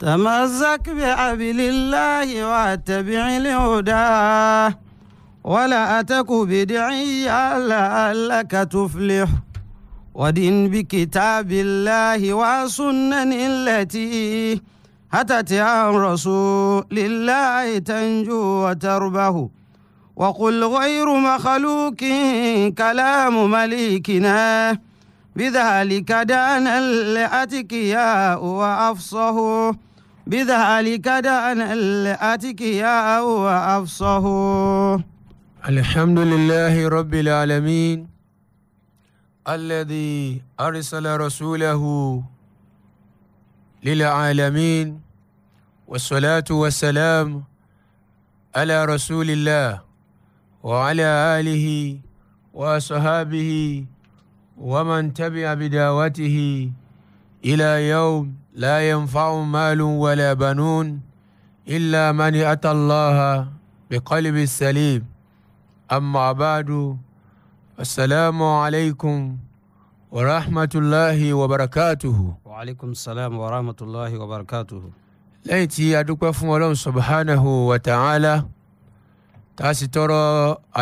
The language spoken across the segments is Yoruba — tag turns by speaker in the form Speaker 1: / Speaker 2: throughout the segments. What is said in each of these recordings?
Speaker 1: تمزق بعبل الله واتبع لهداه ولا أتك بدعيا لعلك تفلح ودن بكتاب الله وسنن التي هتت عن رسول الله تنجو وتربه وقل غير مخلوق كلام مليكنا بذلك دان الأتكياء وأفصه بذلك يا أو أفصه
Speaker 2: الحمد لله رب العالمين الذي أرسل رسوله للعالمين والصلاة والسلام على رسول الله وعلى آله وصحابه ومن تبع بدعوته إلى يوم لا ينفع مال ولا بنون إلا من أتى الله بقلب سليم أما بعد السلام عليكم ورحمة الله وبركاته
Speaker 1: وعليكم السلام ورحمة الله وبركاته
Speaker 2: lẹ́yìn tí a dúpẹ́ fún ọlọ́run subhanahu wa ta'ala tá a sì tọrọ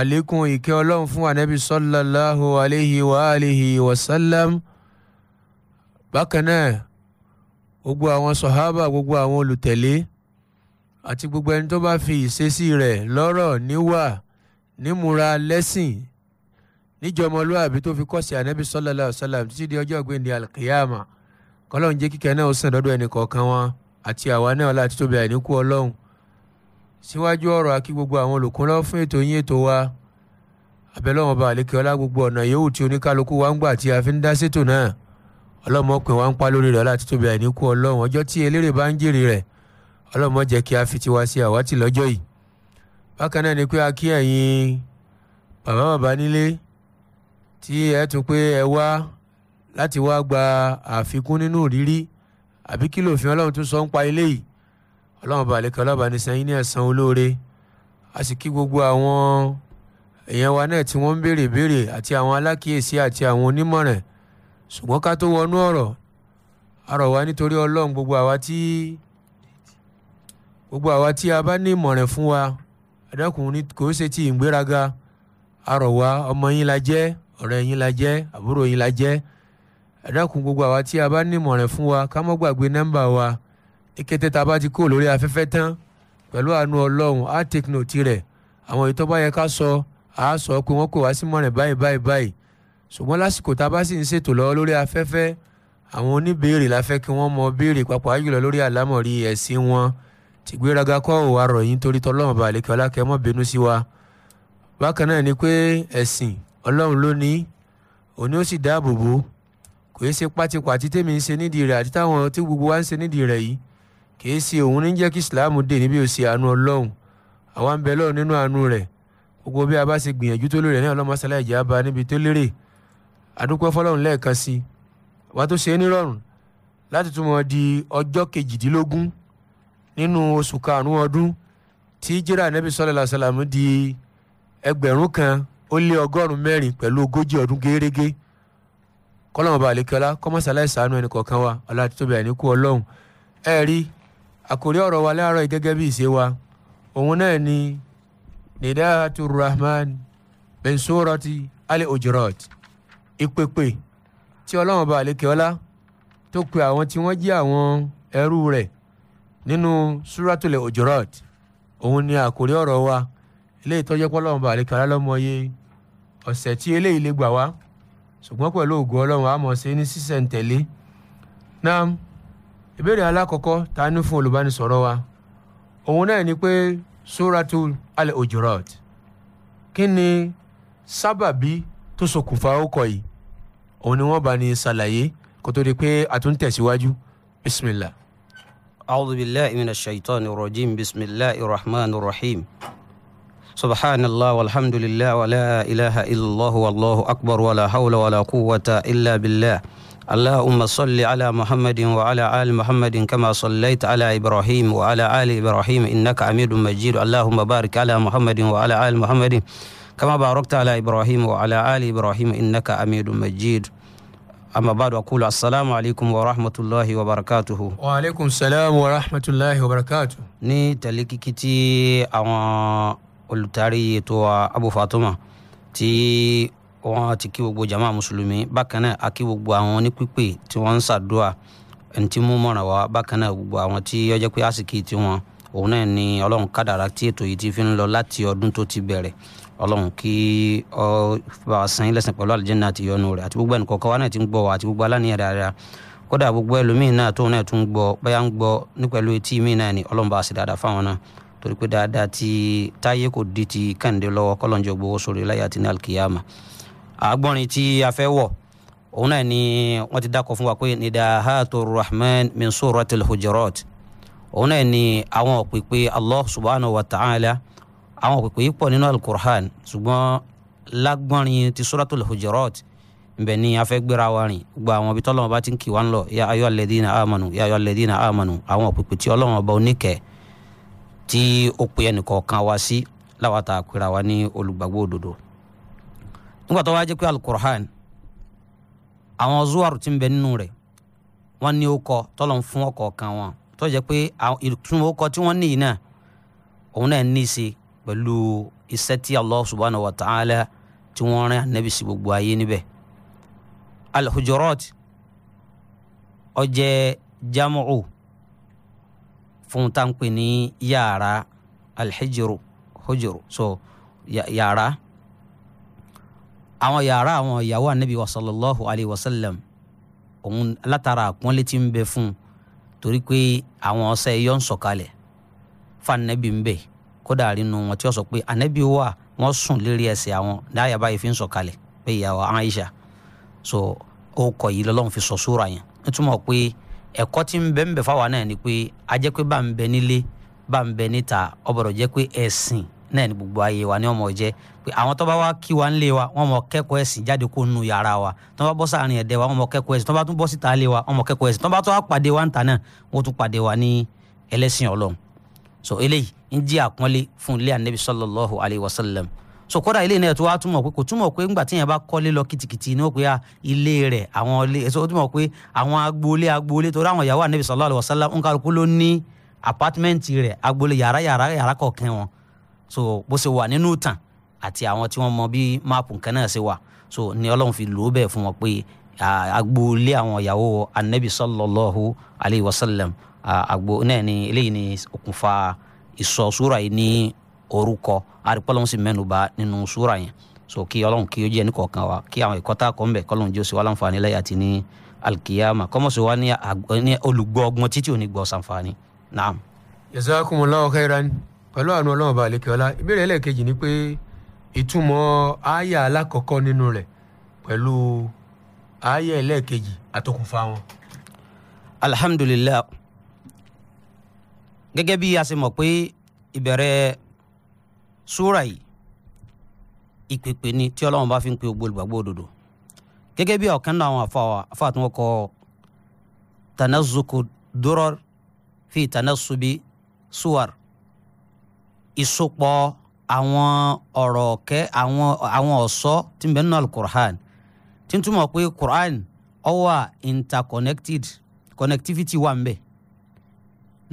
Speaker 2: àlékún ìkẹ́ ọlọ́run fún anabi sallallahu alayhi wa alihi wa sallam bákan náà gbogbo àwọn sọ̀hábà gbogbo àwọn olùtẹ̀lé àti gbogbo ẹni tó bá fi ìṣesí rẹ̀ lọ́rọ̀ níwà nímúra lẹ́sìn níjọmọlúàbí tó fi kọ́ sí ànábì sọ́lọ́lá ọ̀sálàm títí di ọjọ́ ìgbéǹde alkiyama kọ́lọ́n jẹ́ kíkẹ́ náà ó sàn dọ́dọ̀ ẹnì kọ̀ọ̀kan wọn àti àwa náà láti tóbi àìníkù ọlọ́run síwájú ọ̀rọ̀ akí gbogbo àwọn olùkúnlọ́ fún ètò yín ètò wa abẹ́lọ́wọ̀n ọba àlékè ọlá gbogbo ọ̀nà yòówù tí oníkálukú wa ń gbà tí a fi ń dá sétò náà ọlọ́mọpin wa ń pa lórí rẹ̀ láti tóbi àìníkù ọlọ́run ọjọ́ tí eléré bá ń jèrè rẹ̀ ọlọ́mọ jẹ́ kí a fi tiwa sí àwátì lọ́jọ́ yìí bákan náà ni pé a kí ẹ̀yin bàbá bàbá nílé tí ẹ tún pé ẹ wá láti wá gba àfikún nínú ìrírí àbí kí lòfin ọlọ́run tún sọ ń pa ilé yìí ọlọ́run balẹ̀kẹ́ ọlọ́ba ní sẹ́yìn ní ẹ̀san olóore a sì kí gbogbo àwọn èèyàn wa náà tí wọ́n ń béèrè béèrè àti àwọn alákìyèsí àti àwọn onímọ̀ràn ṣùgbọ́n ká tó wọnú ọ̀rọ̀ arọ̀ wa nítorí ọlọ́run gbogbo àwa tí gbogbo àwa tí a bá ní ìmọ̀ràn fún wa adákùn kò ṣe ti ìgbéraga arọ̀ wa ọmọ yín la jẹ́ ọ̀rẹ́ yín la jẹ́ àbúrò yín la jẹ́ adákùn gbogbo àwa tí a bá ní ìmọ̀ràn fún wa ká mọ́ gbàgbé nọ́mbà wa ní kété tá a bá ti kó lórí afẹ́fẹ́ tán pẹ̀lú àánú ọlọ́run á take note àwọn ètò bá yẹ ká sọ àá sọ pé wọ́n kò wá sí mọ̀ràn báyìí báyìí báyìí ṣùgbọ́n lásìkò tá a bá sì ń ṣètò lọ lórí afẹ́fẹ́ àwọn oníbèrè la fẹ́ kí wọ́n mọ béèrè pàápàá jùlọ lórí àlámọ̀rí ẹ̀sìn wọn tìgbéraga kọ́ ò wá rọ̀ yín torí tọ́lọ́mọ̀ balẹ̀kẹ́ ọlákẹ́ mọ́ bínú sí wa bákan náà ni pé ẹ̀sìn ọlọ́run ló ní òní ó sì dáàbò bò kò í ṣe pátipàtí tèmi ń ṣe nídìí rẹ̀ àti táwọn tí gbogbo wa ń ṣe nídìí rẹ̀ yìí kì í ṣe òun ní jẹ́ kí ìsìláàmù dè níbi òsì àánú ọlọ́run àwa ń bẹ lọ́run nínú àánú rẹ̀ gbogbo bí a bá ṣe gbìyànjú tó lérè náà ọlọ́mọ sáláì jẹ́ á níbi tó lérè àdúpẹ́ fọlọ́run lẹ́ẹ̀kan sí i wà tó ṣe é nírọ̀rùn láti túmọ̀ di ọjọ́ kejìdínlógún nínú oṣù karùn-ún ọdún tí jíra nẹ́bí sọ́lá sàlámù di ẹgbẹ̀rún kan ó lé ọgọ́rùn-ún mẹ́rin pẹ̀lú ogójì ọdún gẹ́rẹ́gẹ́ kọ́lọ́mọba àlekẹ́lá kọ́mọ́sálá ìsànú ẹnì kọ̀ọ̀kan wa ọ̀làtútọ́bì àníkú ọlọ́run ẹ rí àkórí ọ̀rọ̀ wa láàárọ̀ gẹ́gẹ́ bí ìṣe wa òun náà ni nidaatul rahman bin surati al ìpèpè tí ọlọ́run bá àlékè ọlá tó pe àwọn tí wọ́n jẹ́ àwọn ẹrú rẹ̀ nínú suratul Hujurat òun ni àkórí ọ̀rọ̀ wa eléyìí tó jẹ́ pé ọlọ́run bá àlékè ọlá lọ́mọye ọ̀sẹ̀ tí eléyìí lè gbà wá ṣùgbọ́n pẹ̀lú ògo ọlọ́run àmọ̀ sí ní sísẹ̀ntẹ̀lé náà ìbéèrè alákọ̀ọ́kọ́ ta ní fún olùbánisọ̀rọ̀ wa òun náà ni pé suratu al-Hujurat kí ni sábàbí tó ṣokùnfà ó kọ yìí òun ni wọ́n bá ní ṣàlàyé kó tó di pé a tún tẹ̀síwájú bisimilah. أعوذ
Speaker 1: بالله من الشيطان الرجيم بسم الله الرحمن الرحيم سبحان الله والحمد لله ولا إله إلا الله والله أكبر ولا حول ولا قوة إلا بالله اللهم صل على محمد وعلى آل محمد كما صليت على إبراهيم وعلى آل إبراهيم إنك حميد مجيد اللهم بارك على محمد وعلى آل محمد كما باركت على إبراهيم وعلى آل إبراهيم إنك أميد مجيد أما بعد أقول السلام عليكم ورحمة الله وبركاته
Speaker 2: وعليكم السلام ورحمة الله وبركاته ní tẹ̀lékìkì tí àwọn olùtarí
Speaker 1: ètò Abu Fatuma tí wọ́n ti kí gbogbo jama mùsùlùmí bákan náà a kí gbogbo àwọn onípípé tí wọ́n ń ṣàdúrà ẹni tí mú mọ̀ràn wá bákan náà gbogbo àwọn tí ó jẹ́ pé àsìkí tiwọn òun náà ni ọlọ́run kádàrá tí ètò yìí ti fi ń lọ láti ọdún tó ti bẹ̀rẹ̀ ọlọ́run kí ọ bá sàn lẹ́sìn pẹ̀lú àlìjẹ́nà àti ìyọnu rẹ̀ àti gbogbo ẹnì kọ̀ọ̀kan wa náà ti ń gbọ́ àti gbogbo aláníyàn dáadáa kódà gbogbo ẹlòmíín náà tóun náà tún gbọ́ báyà ń gbọ́ ní pẹ̀lú etí mi náà ni ọlọ́run bá sì dáadáa fáwọn náà torí pé dáadáa ti táyé kò di ti kẹ́hìndé lọ́wọ́ kọ́lọ́njọ gbowó sórí láyà àti ní alkiyama àgbọ̀nrin tí a fẹ́ wọ̀ òun náà ni wọ́n ti dákọ̀ fún wa pé nidahaatu rahman min surat al hujurat òun náà ni àwọn òpèpè allah subhanahu wa ta'ala àwọn òpèpè yìí pọ̀ nínú alukur'an ṣùgbọ́n lágbọ́nrin ti suratul hujurat nbẹ ni a fẹ́ gbéra wa rìn gba àwọn ibi tọ́lọ́wọ́n bá ti ń kì wá ń lọ ya ayọ́ alẹ́dínà àmọ́nù ya ayọ́ alẹ́dínà àmọ́nù àwọn òpèpè tí ọlọ́wọ́n bá oníkẹ́ tí ó pe ẹnìkọ̀ọ̀kan wá sí láwa ta àpèrà wa ní olùgbàgbọ́ òdodo. nígbà tó wá jẹ́ pé alukur'an àwọn zuwaru ti ń bẹ nínú rẹ̀ wọ́n ní ó kọ tọ́lọ́wọ́n pẹ̀lú iṣẹ́ tí allah subhanahu wa ta'ala tí wọ́n rán anabi sí gbogbo ayé níbẹ̀ al-hujurat ó fún táǹpì ní yàrá al hujuru so yàrá àwọn yàrá àwọn ìyàwó anabi wa sallallahu alayhi wa sallam òun látara àpọ́nlé tí ń bẹ fún un torí pé àwọn ọ̀sẹ̀ yọ̀ ń sọ̀kalẹ̀ fún anabi ń bẹ kódà nínú wọn tí ó sọ pé ànábì wà wọ́n sùn lérí ẹsẹ̀ àwọn dáyà báyìí fi ń sọ̀kalẹ̀ pé ìyàwó Aisha so ó kọ yìí lọ́lọ́run fi sọ súra yẹn nítumọ̀ pé ẹ̀kọ́ tí ń bẹ ń bẹ fáwa náà ni pé a jẹ́ pé bá ń bẹ nílé bá ń bẹ níta ọbọ̀dọ̀ jẹ́ pé ẹ̀sìn náà ni gbogbo ayé wa ni ọmọ jẹ́ pé àwọn tó bá wá kí wa ńlé wa wọ́n mọ kẹ́kọ̀ọ́ ẹ̀sìn jáde kó nu yàrá wa tó bá bọ́ sáàrin ẹ̀dẹ̀ wa wọ́n mọ kẹ́kọ̀ọ́ ẹ̀sìn tó bá tún bọ́ síta lé wa wọ́n mọ kẹ́kọ̀ọ́ ẹ̀sìn tó bá tún wá pàdé wa ńta náà wọ́n tún pàdé wa ní ẹlẹ́sìn Ọlọ́run so eléyìí ń jẹ́ àpọ́nlé fún ilé anabi sallallahu alayhi wa so kódà ilé náà tó wá túmọ̀ pé kò túmọ̀ pé ńgbà tí yẹn bá kọ́lé lọ kìtìkìtì ní òpè ah, ilé rẹ̀ àwọn ilé ẹ̀sọ́ tó túmọ̀ pé àwọn agboolé agboolé torí àwọn ìyàwó anabi sallallahu alayhi wa sallam ń kálukú ló ní apátímẹ́ǹtì rẹ̀ agboolé yàrá yàrá yàrá kọ̀ọ̀kan wọn so bó ṣe wà nínú ìtàn àti àwọn tí wọ́n mọ bí máàpù nǹkan náà ṣe wà so ni ọlọ́run fi lò ó bẹ́ẹ̀ fún wọn pé ah, agboolé àwọn ìyàwó anabi sallallahu alayhi wa Agbo náà ni eléyìí ni okùnfà ìsọ súra yìí ní orúkọ àrípọ́lọ́hún sì mẹ́nu bà nínú súra yẹn so kí ọlọ́run kí ó jẹ́ ní kọ̀ọ̀kan wa kí àwọn ẹ̀kọ́ tá a kọ́ ń bẹ̀ kọ́lọ́run jẹ́ ó sì wá láǹfààní lẹ́yìn àti ní alikiyama kọ́mọ̀sí wa ní olùgbọ́ ọgbọ́n títí òní gbọ́ sàǹfààní
Speaker 2: naam. jazakumullahu khairan pẹ̀lú àánú ọlọ́run ọba àlekèọ́lá ìbéèrè ẹlẹ́ẹ̀kejì ni pé ìtumọ̀ aya alákọ̀ọ́kọ́ nínú rẹ̀ pẹ̀lú àyà ẹlẹ́ẹ̀kejì àtòkùnfà wọn. alhamdulilayi
Speaker 1: gẹ́gẹ́ bí a ṣe mọ̀ pé ìbẹ̀rẹ̀ súrà yìí ìpèpè ni tí ọlọ́run bá fi ń pe gbogbo olùgbàgbọ́ òdodo gẹ́gẹ́ bí ọ̀kan náà àwọn àfáà tí wọ́n kọ tanazuku durar fi tanasubi suwar ìsopọ̀ àwọn ọ̀rọ̀ ọ̀kẹ́ àwọn ọ̀sọ́ tí ń bẹ nínú alukur'an tí ń túmọ̀ pé kur'an ó wà interconnected connectivity wà ń bẹ́ẹ̀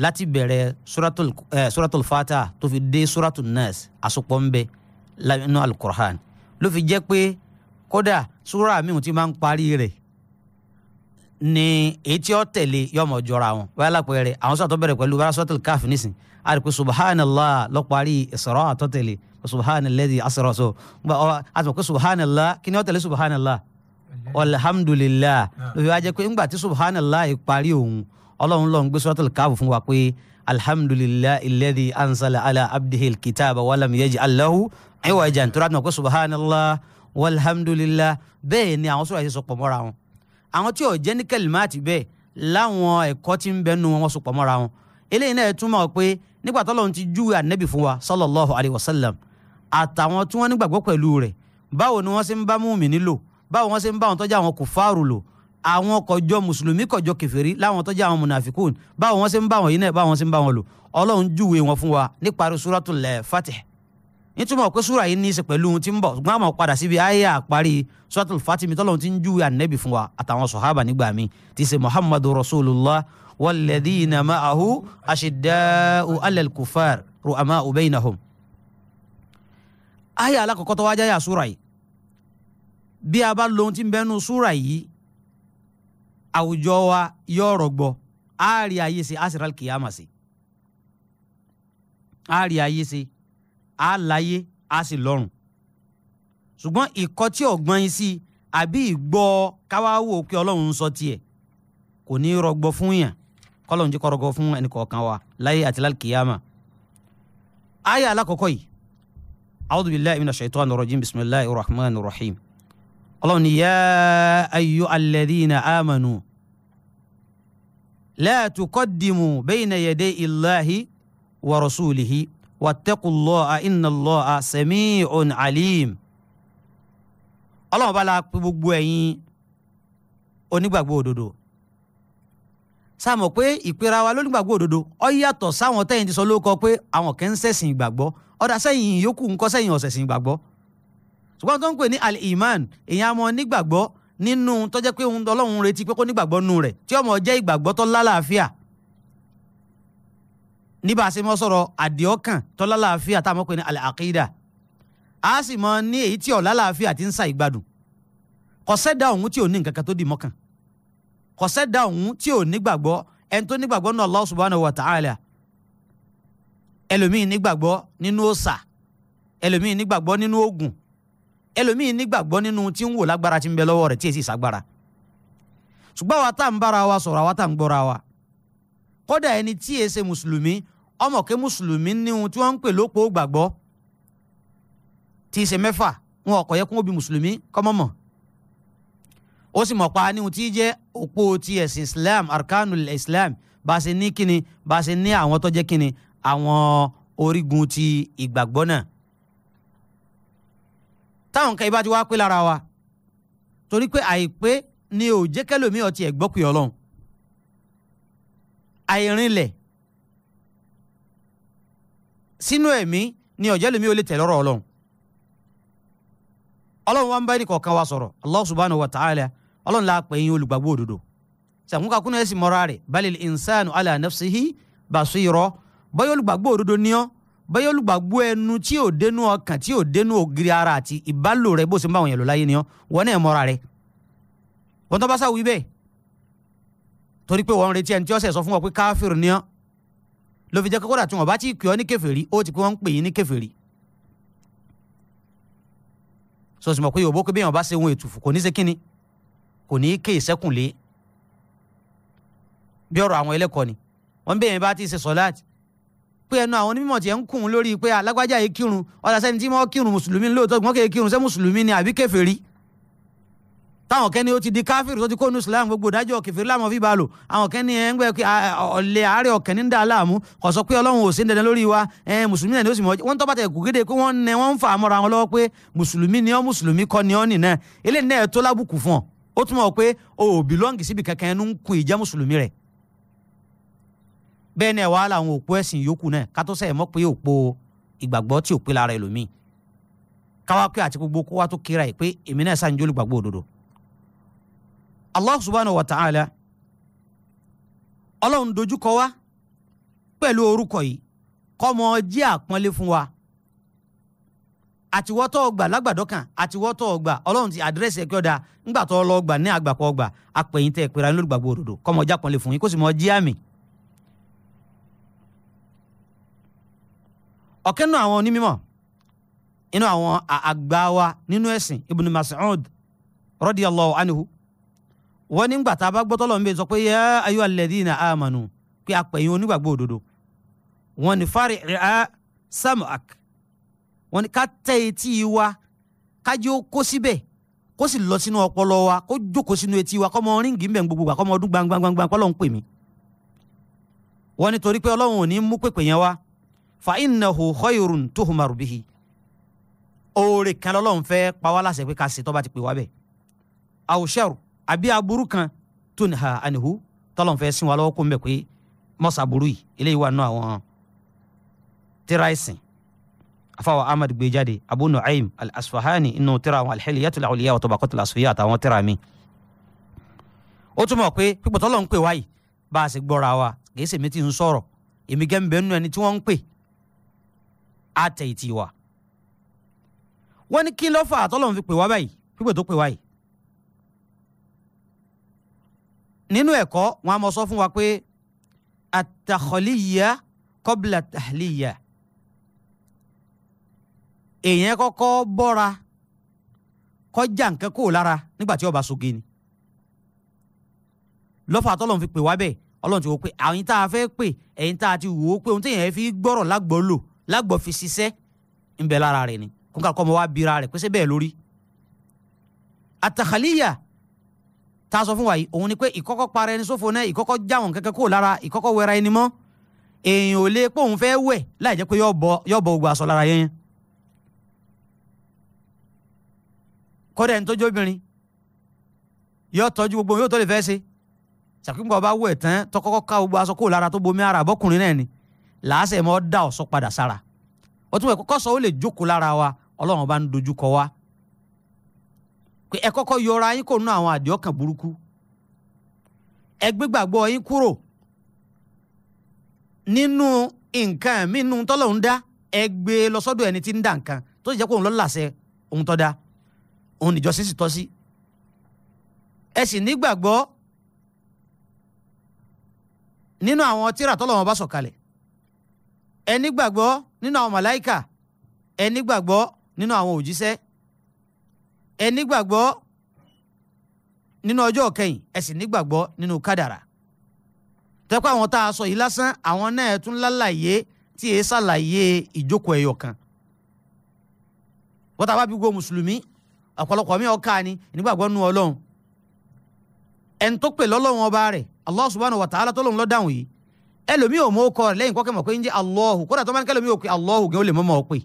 Speaker 1: láti bẹ̀rẹ̀ suratul eh, suratul fata tó fi dé suratul nas àsopọ̀ ń bẹ nínú alukur'an ló fi jẹ́ pé kódà sura mi ò ti máa ń parí rẹ̀ ni èyí tí ó tẹ̀lé yọmọ jọra wọn wáyà lápẹ̀rẹ̀ àwọn sọ̀tọ̀ bẹ̀rẹ̀ pẹ̀lú wáyà suratul kaf nísìn a rẹ̀ pé subhanallah ló parí isra tó tẹ̀lé subhanalladhi asra so a ti mọ̀ pé subhanallah kí ni ó tẹ̀lé subhanallah alhamdulillah ah. ló fi wá jẹ́ pé ńgbà tí subhanallah parí òun ọlọ́run lọ́n gbé suratul káàbù fún wa pé alhamdulillahi alladhi anzala ala abdihi alkitaba walam yaj'al lahu iwajan tó rádùn ọ̀pẹ́ subhanallah walhamdulillah bẹ́ẹ̀ ni àwọn sọ̀rọ̀ yìí sọ pọ̀ mọ́ra wọn àwọn tí ò jẹ́ ní kẹlìmáàtì bẹ́ẹ̀ láwọn ẹ̀kọ́ tí ń bẹnu wọn sọ pọ̀ mọ́ra wọn eléyìí náà túmọ̀ pé nígbà tọ́lọ́run ti júwe ànábì fún wa sallallahu alayhi wa sallam àtàwọn tí wọ́n nígbàgbọ́ pẹ̀lú rẹ̀ báwo ni wọ́n ṣe ń bá múmi nílò báwo wọ́n ṣe ń bá àwọn tọ́jà àwọn kò fáàrù lò àwọn kọjọ mùsùlùmí kọjọ kèfèrí láwọn tó jẹ́ àwọn mùnàfikún báwo wọ́n ṣe ń bá wọn yìí náà báwo wọ́n ṣe ń bá wọn lò ọlọ́run júwe wọn fún wa níparí suratul fatih nítumọ̀ pé súra yìí ní í ṣe pẹ̀lú ohun tí ń bọ̀ ṣùgbọ́n àmọ̀ padà síbi ayé àparí suratul fatih mi ti ń júwe ànẹ́bì fún wa àtàwọn sọ̀hábà nígbà mi ti ṣe muhammadu rasulullah bí a bá lo ohun tí ń bẹ́nu súra yìí àwùjọ wa yóò rọgbọ á rí ayé ṣe á sì rà kìyàmà ṣe á rí ayé ṣe á láyé á sì lọ́rùn ṣùgbọ́n ìkọ́ tí ọ̀gbọ́n yín sí àbí ìgbọ́ káwáwò pé ọlọ́run ń sọ tiẹ̀ kò ní rọgbọ fún yàn kọ́lọ́run jí kọ́rọ́gọ fún ẹnì kọ̀ọ̀kan wa láyé àti lálkìyàmà aya alákọ̀ọ́kọ́ yìí a'udhu billahi minash shaitani rajim bismillahir rahmanir rahim ọlọ́run ni yá ayyuhal ladhina amanu. لا تقدموا بين يدي الله ورسوله واتقوا الله inna الله سميع عليم. ọlọ́run bá la pè gbogbo ẹ̀yin onígbàgbọ́ òdodo sáàmọ̀ pé ìpera wa lónígbàgbọ́ òdodo ó yàtọ̀ sáwọn tẹ́yìn ti sọ lóko pé àwọn kẹ́ ń ṣẹ̀sìn ìgbàgbọ́ ọ̀dà sẹ́yìn yòókù ńkọ́ sẹ́yìn ọ̀sẹ̀sìn ìgbàgbọ́ ṣùgbọ́n tó ń pè ní al-iman ìyẹn àmọ́ nígbàgbọ́ nínú tọ́jẹ́ pé ọlọ́run retí pé kó nígbàgbọ́ nù rẹ̀ tí ọmọ jẹ́ ìgbàgbọ́ tó lálàáfíà níbà a ṣe mọ́ sọ̀rọ̀ àdìọ́kàn tó lálàáfíà tá a mọ̀ pé ní alẹ́ àkídà a sì mọ ní èyí tí ò lálàáfíà ti ń sa ìgbádùn kò sẹ́dá òun tí ò ní nǹkan tó dì mọ́kàn kò sẹ́dá òun tí ò nígbàgbọ́ ẹni tó nígbàgbọ́ nínú Allah subhanahu wa ta'ala ẹlòmíì nígbàgbọ́ nínú òòṣà ẹlòmíì nígbàgbọ́ nínú òògùn ẹlòmíì nígbàgbọ́ nínú tí ń wò lágbára tí ń bẹ lọ́wọ́ rẹ̀ tí èsì ìsagbára ṣùgbọ́n àwa tá ń bára wa sọ̀rọ̀ àwa tá ń gbọ́ra wa kódà ẹni tí èé ṣe mùsùlùmí ọmọ kí mùsùlùmí ní ohun tí wọ́n ń pè lópo gbàgbọ́ tí í ṣe mẹ́fà wọn ọkọ̀ yẹ kó bí mùsùlùmí kọ́mọ́mọ́ ó sì mọ̀ pa ní tí jẹ́ òpó ti ẹ̀sìn Islam arkanul Islam bá a ṣe ní kíni bá a ṣe ní àwọn tó jẹ́ kíni àwọn orígun ti ìgbàgbọ́ náà táwọn nǹkan ibà ti wá pé lára wa torí pé àìpé ni ò jẹ́ kẹ́lòmí ọtí ẹ̀ gbọ́ pé ọlọ́run àìrinlẹ̀ sínú ẹ̀mí ni ọ̀jẹ́ lómi ò lè tẹ̀ lọ́rọ̀ ọlọ́run ọlọ́run wa ń bá ẹnì kọ̀ọ̀kan wa sọ̀rọ̀ subhanahu wa ta'ala ọlọ́run yín olùgbàgbọ́ òdodo sàkúnkà mọ́ra rẹ̀ bọ́yọ̀ olùgbàgbọ́ òdodo bẹ́ẹ̀ olùgbàgbọ́ ẹnu tí ò dénú ọkàn tí ò dénú ògiri ara àti ìbálò rẹ bó ṣe ń bá àwọn èèyàn lò láyé ni ọ wọn náà mọ́ra rẹ wọn tó bá sáwìí bẹ́ẹ̀ torí pé wọn retí ẹni tí ó sẹ̀ sọ fún wọn pé káfíìrì ni ọ ló fi jẹ́ kókó dà tí wọn bá ti kì ọ ní kèfèrí ó ti pé wọn ń pè yín ní kèfèrí so sì mọ̀ pé yòòbó pé bí bá ṣe ohun ètùfù kò ní pé ẹnu àwọn onímọ̀ tiẹ̀ ń kùn lórí pé alágbájá yìí kírun ọ̀dà sẹ́ni tí wọ́n kírun mùsùlùmí lóòótọ́ gbọ́n kéé kírun sẹ́ mùsùlùmí ni àbí kèfèrí táwọn kẹ́ni ó ti di káfíìrì tó ti kó nu islam gbogbo ìdájọ́ kèfèrí láwọn fi bá lò àwọn kẹ́ni ẹ̀ ń gbẹ́ ah, ọ̀lẹ́ àárẹ̀ ọ̀kẹ́ ní dá láàmú kò sọ pé ọlọ́run ò sí dandan lórí wa mùsùlùmí ni ó sì mọ̀ wọ́n tọ́ bàtà ẹ̀kú gédé pé wọ́n nẹ wọ́n ń fà á wọn lọ́wọ́ pé mùsùlùmí ni ọ́ mùsùlùmí kọ́ ni ọ́ nìyẹn eléyìí náà tó lábùkù fún ọ ó túmọ̀ pé o ò síbi kankan bẹ́ẹ̀ náà wàá làwọn òpó ẹ̀sìn yòókù náà ká tó sẹ̀ mọ́ pé òpó ìgbàgbọ́ tí ò pé lára ẹlòmíì káwá pé àti gbogbo kó wá tó kíra yìí pé èmi náà sáà ń jóló gbàgbọ́ òdodo. Allah subhanahu wa ọlọ́run dojúkọ wa pẹ̀lú orúkọ yìí kọ́mọ jẹ́ àpọ́nlé fún wa àtiwọ́tọ̀ ọgbà àtiwọ́tọ̀ ọgbà ọlọ́run ti àdírẹ́sì ẹ̀kẹ́ ọ̀dà ní ọgbà kọ́mọ ọ̀kẹ́ nínú àwọn onímọ̀ inú àwọn àgbà wa nínú ẹ̀sìn ibn Mas'ud radiyallahu anihu, wọ́n nígbà tá a bá gbọ́ tọ́lọ́ ń bẹ sọ pé yā ayyuhal ladhina amanu pé apẹ̀yìn onígbàgbọ́ òdodo wọ́n ní fari ẹ̀ sam'ak wọ́n ní ká tẹ́ etí wa kájí ó kó síbẹ̀ kó sì lọ sínú ọpọlọ wa kó jókòó sínú etí wa kọ́mọ ríngì mbẹ̀ gbogbo wa kọ́mọ ọdún gbangbangba kọ́lọ́ ń pè mí wọ́n ní torí pé ọlọ́run ò ní mú pèpè yẹn wá fa innahu khayrun tuhumaru bihi oore kan lọ́lọ́run fẹ́ pa wá láṣẹ pé ká ṣe tó bá ti pè wá bẹ̀ àwòṣẹ́rù àbí aburú kan tó ní ha ànihu tọ́lọ́run fẹ́ sin wa lọ́wọ́ kó ń bẹ̀ pé mọ́sàbúrú yìí eléyìí wà nù àwọn tíra afawa ahmad gbé abu nu'aym al-asfahani inú tíra àwọn al-hilyatul awliya wa tabaqatul asfiya àtàwọn tíra mi ó túmọ̀ pé pípọ̀ tọ́lọ́run pè wá yìí bá a ṣe gbọ́ra wa kì í ṣèmi tí ń sọ̀rọ̀ èmi gẹ́ńbẹ́ẹ́nu ẹni tí wọ́n ń pè àtẹ̀yìntì wa wọ́n ní kí ló fà àtọ́lọ́run fi pè wá báyìí pípè tó pè wá yìí nínú ẹ̀kọ́ wọn a mọ̀ sọ fún wa pé àtàkọ́líyà kọ́bìlà tàhlíyà èèyàn kọ́kọ́ bọ́ra kọjá nǹkan kó lára nígbà tí ó bá ni lọ́fà àtọ́lọ́run fi pè wá bẹ́ẹ̀ ọlọ́run ti wò pé àwọn tá a fẹ́ pè ẹ̀yin tá a ti wò ó pé ohun tí èèyàn fi gbọ́rọ̀ lágbọ́ọ́ lò lágbọ̀ fi ṣiṣẹ́ ń bẹ lára rẹ̀ ni kó ká kọ́ ọmọ wa bira rẹ̀ pé ṣé bẹ́ẹ̀ lórí. àtàkàlíyà tá a sọ fún wa yìí òun ni pé ìkọ́kọ́ para ẹni sófo náà ìkọ́kọ́ jáwọn kẹ́kẹ́ kó lára ìkọ́kọ́ wẹra ẹni mọ́ èèyàn ò lè pé òun fẹ́ wẹ̀ láì jẹ́ pé yọ bọ gbogbo aṣọ lára yẹn. kọ́dà ẹni tó jó obìnrin yọ tọ́jú gbogbo yóò tó lè fẹ́ ṣe ṣàkíńgbà ọba wẹ̀ tán tọkọ́kọ́ ká gbogbo aṣọ kó lára tó bomi ara àbọ́kùnrin náà ni làásẹ̀ mọ́ dá ọ̀sọ́ padà sára ó tún bẹ̀ ó lè jókòó lára wa ọlọ́run bá ń dojú kọ wa pé ẹ kọ́kọ́ yọra yín kò nú àwọn àdìọ́kàn burúkú ẹ gbégbàgbọ́ yín kúrò nínú nǹkan mí nínú dá ẹ gbé e ẹni tí ń dá nǹkan tó sì jẹ́ òun làṣẹ òun sì tọ́ sí ẹ sì nígbàgbọ́ nínú àwọn ẹni gbàgbọ́ nínú àwọn màláìkà ẹni gbàgbọ́ nínú àwọn òjíṣẹ́ ẹni gbàgbọ́ nínú ọjọ́ kẹyìn ẹ sì nígbàgbọ́ nínú kádàrà tẹ́pẹ́ àwọn tá a sọ yìí lásán àwọn náà tún lálàyé tí èé ṣàlàyé ìjókòó ẹyọ kan wọ́n tá a bá bí gbogbo mùsùlùmí ọ̀pọ̀lọpọ̀ mi ọ̀ka ni nígbàgbọ́ nínú ọlọ́run ẹni tó pè lọ́lọ́run ọba rẹ̀ Allah subhanahu wa ta'ala tó lòun ló dáhùn yìí ẹlòmíì ò mọ ọkọ rẹ lẹ́yìn kọkẹ mọ pé ń jẹ alọhù kódà tó máa ń kẹlòmíì ò pé alọhù gẹ ó lè mọ ọmọ pé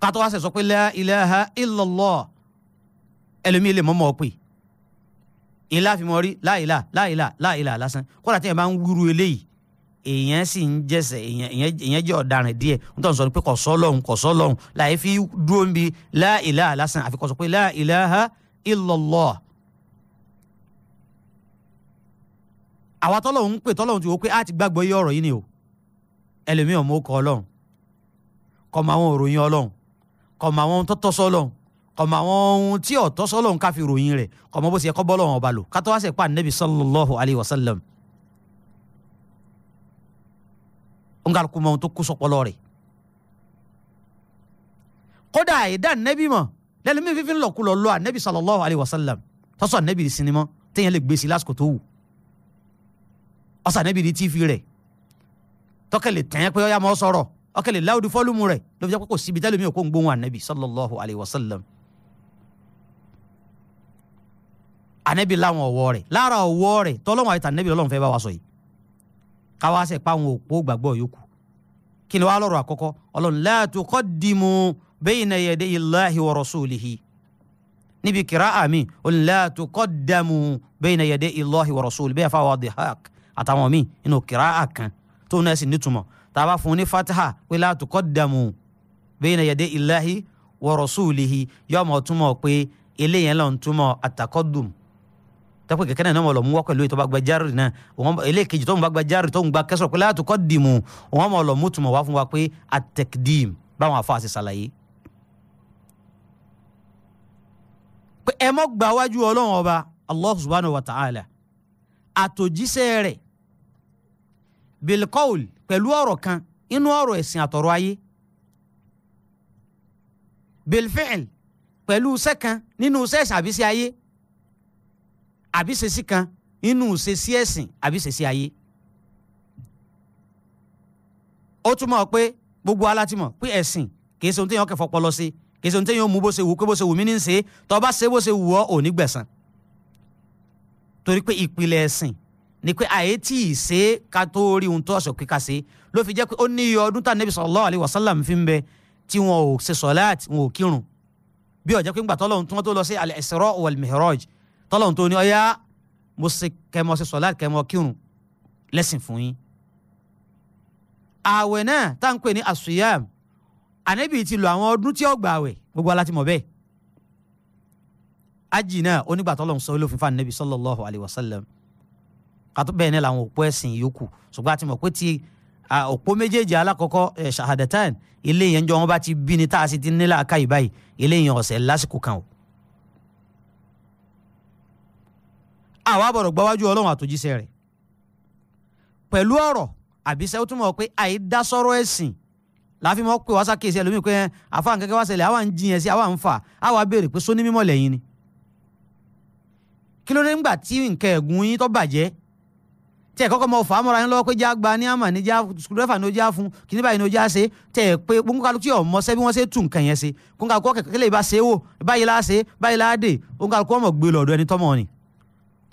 Speaker 1: kátó wá sẹsọ pé la ilaha illallah ẹlòmíì lè mọ ọmọ pé ìlà fi mọ rí láìlà láìlà láìlà lásán kódà tí yẹn bá ń wúru eléyìí èèyàn sì ń jẹsẹ èèyàn èèyàn jẹ ọ̀daràn díẹ̀ nítorí wọn sọ pé kò sọ lọhùn kò sọ lọhùn láì fi dúró ń bi la lásán àfi kò sọ pé la ilaha àwa tọ́lọ́hún ń pè tọ́lọ́hún ti wò pé á ti gbàgbọ́ iye ọ̀rọ̀ yìí ni o ẹlòmíì ọ̀mọ́ kọ ọlọ́run kọ́ mọ àwọn òròyìn ọlọ́run kọ́ mọ àwọn tọ́tọ́ sọ́lọ́run kọ́ mọ àwọn ohun tí ọ̀tọ́ sọ́lọ́run ká fi ròyìn rẹ̀ kọ́ mọ bó ṣe kọ́ bọ́lọ́run ọba lò kátó wá sẹ̀ pa nẹ́bi sallallahu alayhi wa sallam ongaluku mọ ohun tó kú sọpọlọ rẹ̀ kódà ìdá nẹ́bi mọ̀ lẹ́lẹ́mí sallallahu alayhi wa sallam tọ́sọ̀ ànẹ́bi sinimọ́ téèyàn lè gbèsè lásìkò ọ̀sà níbi di tíìfì rẹ̀ tọ́kẹ̀lẹ̀ tẹ̀yẹ́ pé ọ̀yà mọ́ sọ̀rọ̀ ọ̀kẹ̀lẹ̀ láwùdí fọ́lùmù rẹ̀ ló fi jẹ́ pé kò síbi tẹ́lẹ̀ mi ò kó ń gbóhùn ànábì sallallahu alayhi wa sallam ànábì láwọn ọ̀wọ́ rẹ̀ lára ọ̀wọ́ rẹ̀ tọ́lọ́wọ́n àyètà ànábì ọlọ́run fẹ́ bá wa sọ yìí káwá sẹ̀ pa àwọn òpó gbàgbọ́ yòókù kí ni wàá lọ́rọ̀ àkọ́kọ́ ọlọ́run la tuqaddimu bẹ́ẹ̀ àtàwọn míì nínú kìráà kan tó náà sì nítumọ̀ tá a bá fún un ní fatiha pé la tuqaddamu bayna yadi illahi wa rasulihi yóò mọ̀ túmọ̀ pé eléyẹn lọ́n túmọ̀ àtàkọ́dùm tẹ́pẹ́ kẹ̀kẹ́ náà mọ̀ lọ mú wá pẹ̀lú ètò ọgbà járì náà eléyìí kejì tó ń gbàgbà járì tó ń gba kẹsọ̀ pé la tuqaddimu wọn mọ̀ lọ mú túmọ̀ wá fún wa pé at-taqdim báwọn afa àti ṣàlàyé. pé ẹ mọ́ gbà wájú ọlọ́run ọba allah subhanahu wa ta'ala àtòjíṣẹ́ rẹ̀ bilkowul pẹ̀lú ọ̀rọ̀ kan inú ọ̀rọ̀ ẹ̀sìn àtọ̀rọ̀ ayé bilfiil pẹ̀lú iṣẹ́ kan nínú iṣẹ́ ẹ̀sìn àbísí ayé àbíṣesí kan nínú ìṣesí ẹ̀sìn àbíṣesí ayé ó túmọ̀ pé gbogbo alátimọ̀ pé ẹ̀sìn kìí ṣe ohun téèyàn kẹfọ́ pọlọ sí kìí ṣe ohun téèyàn mú bó ṣe wù pé bó ṣe wù mí ní ṣe tó bá ṣe bó ṣe wù ọ́ ò ní gbẹ̀san torí pé ìpìlẹ̀ ẹ̀sìn ni pé àyè tí ì ṣe é ká tó rí ohun tó ọ̀sọ̀ pé ṣe ló fi jẹ́ pé ó ní iye ọdún tá nẹ́bí sallallahu alaihi wasallam fi ń bẹ tí wọn ò ṣe sọ̀láàtì wọn ò kírun bí ó jẹ́ pé ńgbà tọ́lọ́hún tí wọ́n tó lọ sí al-Isra wal-Mihraj tọ́lọ́hún tó ní ọ̀yá mo ṣe kẹmọ ṣe sọ̀láàtì kẹmọ kírun lẹ́sìn fún yín. ààwẹ̀ náà tá ń pè ní asuyam ànẹ́bí ti lo àwọn ọdún tí ó sallallahu alaihi wasallam kátó bẹ́ẹ̀ ni làwọn òpó ẹ̀sìn yòókù ṣùgbọ́n a ti mọ̀ pé ti òpó méjèèjì alákọ̀ọ́kọ́ ṣahadatan ilé yẹn jọ wọn bá ti bí ni tá a sì ti nílà aka yìí báyìí ilé yẹn ọ̀sẹ̀ lásìkò kan o. àwa bọ̀rọ̀ gbáwájú ọlọ́run àtòjíṣẹ́ rẹ̀ pẹ̀lú ọ̀rọ̀ àbíṣẹ́ ó túmọ̀ pé àyè dá sọ́rọ̀ ẹ̀sìn láàfin mọ́ pé wá sákèsí ẹlòmíì pé àfa nkẹ́kẹ́ wá ṣẹlẹ̀ àwa ń jiyàn sí àwa ń fà àwa béèrè pé sóní mímọ́ lẹ́yìn ni kí ló dé ńgbà tí nǹkan ẹ̀gún yín tó bàjẹ́ tẹ kọkọ mọ fà á mọra yín lọ́wọ́ pé já gba ní àmà ní já sukùdẹ́fà ní ó já fún kìnìún báyìí ní ó já ṣe tẹ pé kóńkàlù tí ọmọ sẹ́bí wọ́n ṣe tù nǹkan yẹn ṣe kóńkàlù kọ́ kẹ̀kẹ́ lè bá ṣe wò báyìí lá ṣe báyìí lá dè kóńkàlù kọ́ mọ̀ gbé lọ́dọ̀ ẹni tọ́mọ ni.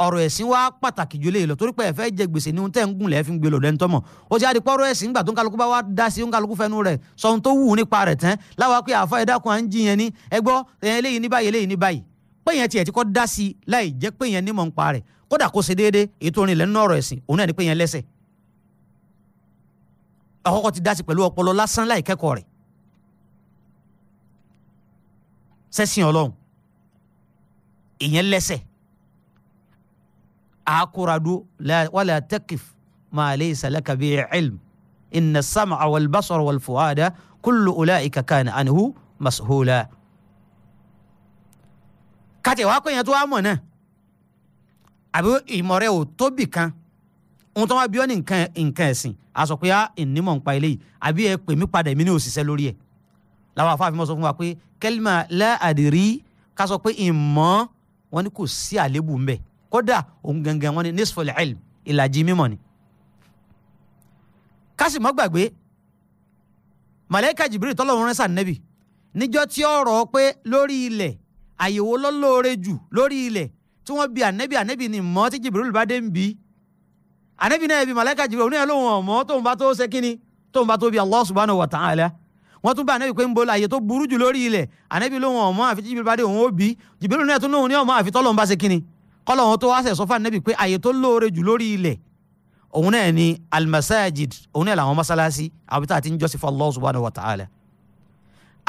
Speaker 1: ọ̀rọ̀ ẹ̀sìn wa pàtàkì jù lè lọ torí pé ẹ̀fẹ́ jẹ gbèsè ní tẹ́ ń gùn lẹ́ẹ̀fín gbé lọ́dọ̀ ẹni tọ́mọ ó ti àdìpọ̀ ọ̀rọ̀ ẹ̀sìn gbà tó ń kálukú bá wa dá sí ń kálukú fẹnu rẹ̀ sọ ohun tó wù nípa rẹ̀ tán láwa pé àfa ẹ̀dá kan à ń jiyàn ní ẹgbọ́ eléyìí ní báyìí eléyìí ní báyìí pé yẹn tiẹ̀ ti kọ́ dá sí i láì jẹ́ pé yẹn nímọ̀ ń pa rẹ̀ kódà kó ṣe déédéé èyí tó rinlẹ̀ nínú ọ̀rọ̀ ẹ̀sìn òun náà ni pé yẹn lẹ́sẹ̀ àkọ́kọ́ ti dá sí pẹ̀lú ọpọlọ lásán láì kẹ́kọ̀ọ́ rẹ̀ sẹ́sìn ọlọ́run ìyẹn lẹ́sẹ̀ àákúradú wàlẹ̀ àtẹ́kìf máa lè sàlẹ́kà bíi ilm ìnà sàmà àwọlbásọ̀rọ̀ wàlfọ̀hádà kúlù ọ̀là ìkàkàn ànihu masuhula. kàtẹ́ kọ́ yẹn tó wá mọ̀ náà àbí ìmọ̀rẹ́ ò tóbi kan ohun tó wá bí ọ́ ní nǹkan nǹkan ẹ̀sìn àsọ pé ìnímọ̀ ah, ń pa eléyìí àbí ẹ pè mí padà èmi ní òṣìṣẹ́ lórí ẹ̀ làwọn afáàfin mọ̀ sọ fún wa pé kẹ́límà láàdìrí ká sọ pé ìmọ̀ wọn ni kò sí àlébù ń bẹ̀ kódà òun gangan wọn ni nisful ilm ìlàjì mímọ̀ ni. ká mọ́ gbàgbé màlẹ́kà jìbìrì tọ́lọ́run rẹ́ sàn nẹ́bì níjọ́ tí ọ̀rọ̀ pé lórí ilẹ̀ àyèwò lọ́lọ́ọ̀rẹ́ jù lórí ilẹ̀ tí wọ́n bi ànẹ́bí ànẹ́bí ni mọ́ tí Jibril bá dé ń bi ànẹ́bí náà bi màláíkà Jibril òun náà lòun ọ̀mọ́ tóun bá tó ṣe kíni tóun bá tó bi Allah subhanahu wa ta'ala wọ́n tún bá ànẹ́bí pé ń bolo àyè tó burú jù lórí ilẹ̀ ànẹ́bí lòun ọ̀mọ́ àfi Jibril bá dé òun ó bi Jibril náà tún lòun ní ọ̀mọ́ àfi tọ́lọ́n bá ṣe kíni kọ́lọ́hún tó wá sẹ̀ sọ fún ànẹ́bí pé àyè tó lóore jù lórí ilẹ̀ òun náà ni almasajid òun náà làwọn masalasi àbí tá a ti ń jọ́sí fún Allah subhanahu wa ta'ala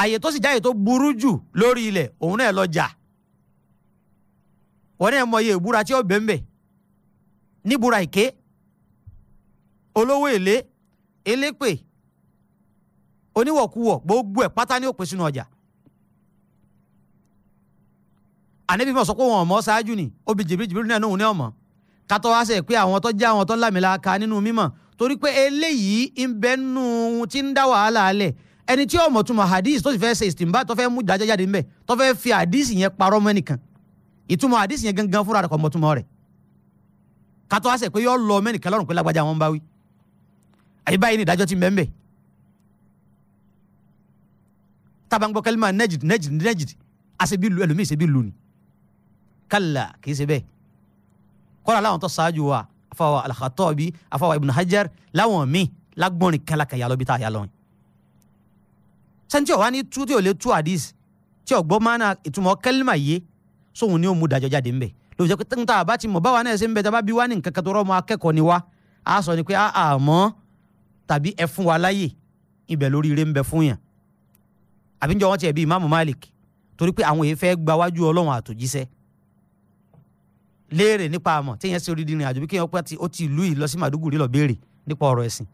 Speaker 1: àyè tó sì jáyè tó burú jù lórí ilẹ̀ òun náà lọ́jà wọn náà mọyì ìbúra tí ó bẹ̀ ń bẹ̀ níbúra ìké olówó èlé elépè oníwọ̀kuwọ̀ gbogbo ẹ̀ pátá ní òpin sínú ọjà ànábì mọ̀ sọ pé wọn ò ṣáájú ni obì jìbìrì jìbìrì náà lóhùn ní ọ̀mọ́ kátó wá sẹ̀ pé àwọn tó jẹ́ àwọn tó lámìlaka nínú mímọ̀ torí pé eléyìí ń bẹ nù tí ń dá wàhálà alẹ̀ ẹni tí ó mọ̀ túmọ̀ hadith tó sì fẹ́ ṣe ìsìnbá tó fẹ́ mú ìdájọ́ jáde ńbẹ̀ tó fẹ́ fi hadith yẹn parọ́ mọ́ ẹnìkan ìtumọ̀ àdìsí yẹn gangan fúnra rẹ̀ kọ́ mọ́tumọ́ rẹ̀ kátó wá pé yọ lọ mẹ́nìkan lọ́rùn pé lágbájá wọn bá wí àyè báyìí ni ìdájọ́ ti mẹ́mbẹ̀ tabangbọ́ kẹ́lí máa nẹ́jìdì nẹ́jìdì nẹ́jìdì àṣebí lu ẹlòmíì ṣebí lu ni kálá kìí ṣe bẹ́ẹ̀ kọ́ra láwọn tó ṣáájú wa afáwa al-Khattabi afáwa Ibn Hajar láwọn míì lágbọ́nrin kálaka yàlọ́ bí tá a yàlọ́ yìí sẹ́ńtì ọ̀wá ní tú tí ò lè tú àdìsí tí ọ̀gbọ́n máa na ìtumọ̀ kẹ́lí máa yé sóhun ni ó mú dájọ́ jáde ńbẹ̀ ló jẹ́ pé tó ń ta àbá ti mọ̀ báwa náà ṣe ń bẹ tá a bá bí wá ní nǹkan kan tó rọ́ ọmọ akẹ́kọ̀ọ́ ni wá a sọ ni pé a àmọ́ tàbí ẹ fún wa láyè ibẹ̀ lórí ire ń bẹ fún yàn àbí njọ́ wọn tiẹ̀ bí Imam Malik torí pé àwọn èyí fẹ́ gba wájú Ọlọ́run àtòjíṣẹ́ léèrè nípa àmọ̀ téèyàn ṣe orí ìrìn àjò bí kéèyàn pẹ́ ti ó ti ìlú ìlọsí Màdúgùrí lọ béèrè nípa ọ̀rọ̀ ẹ̀sìn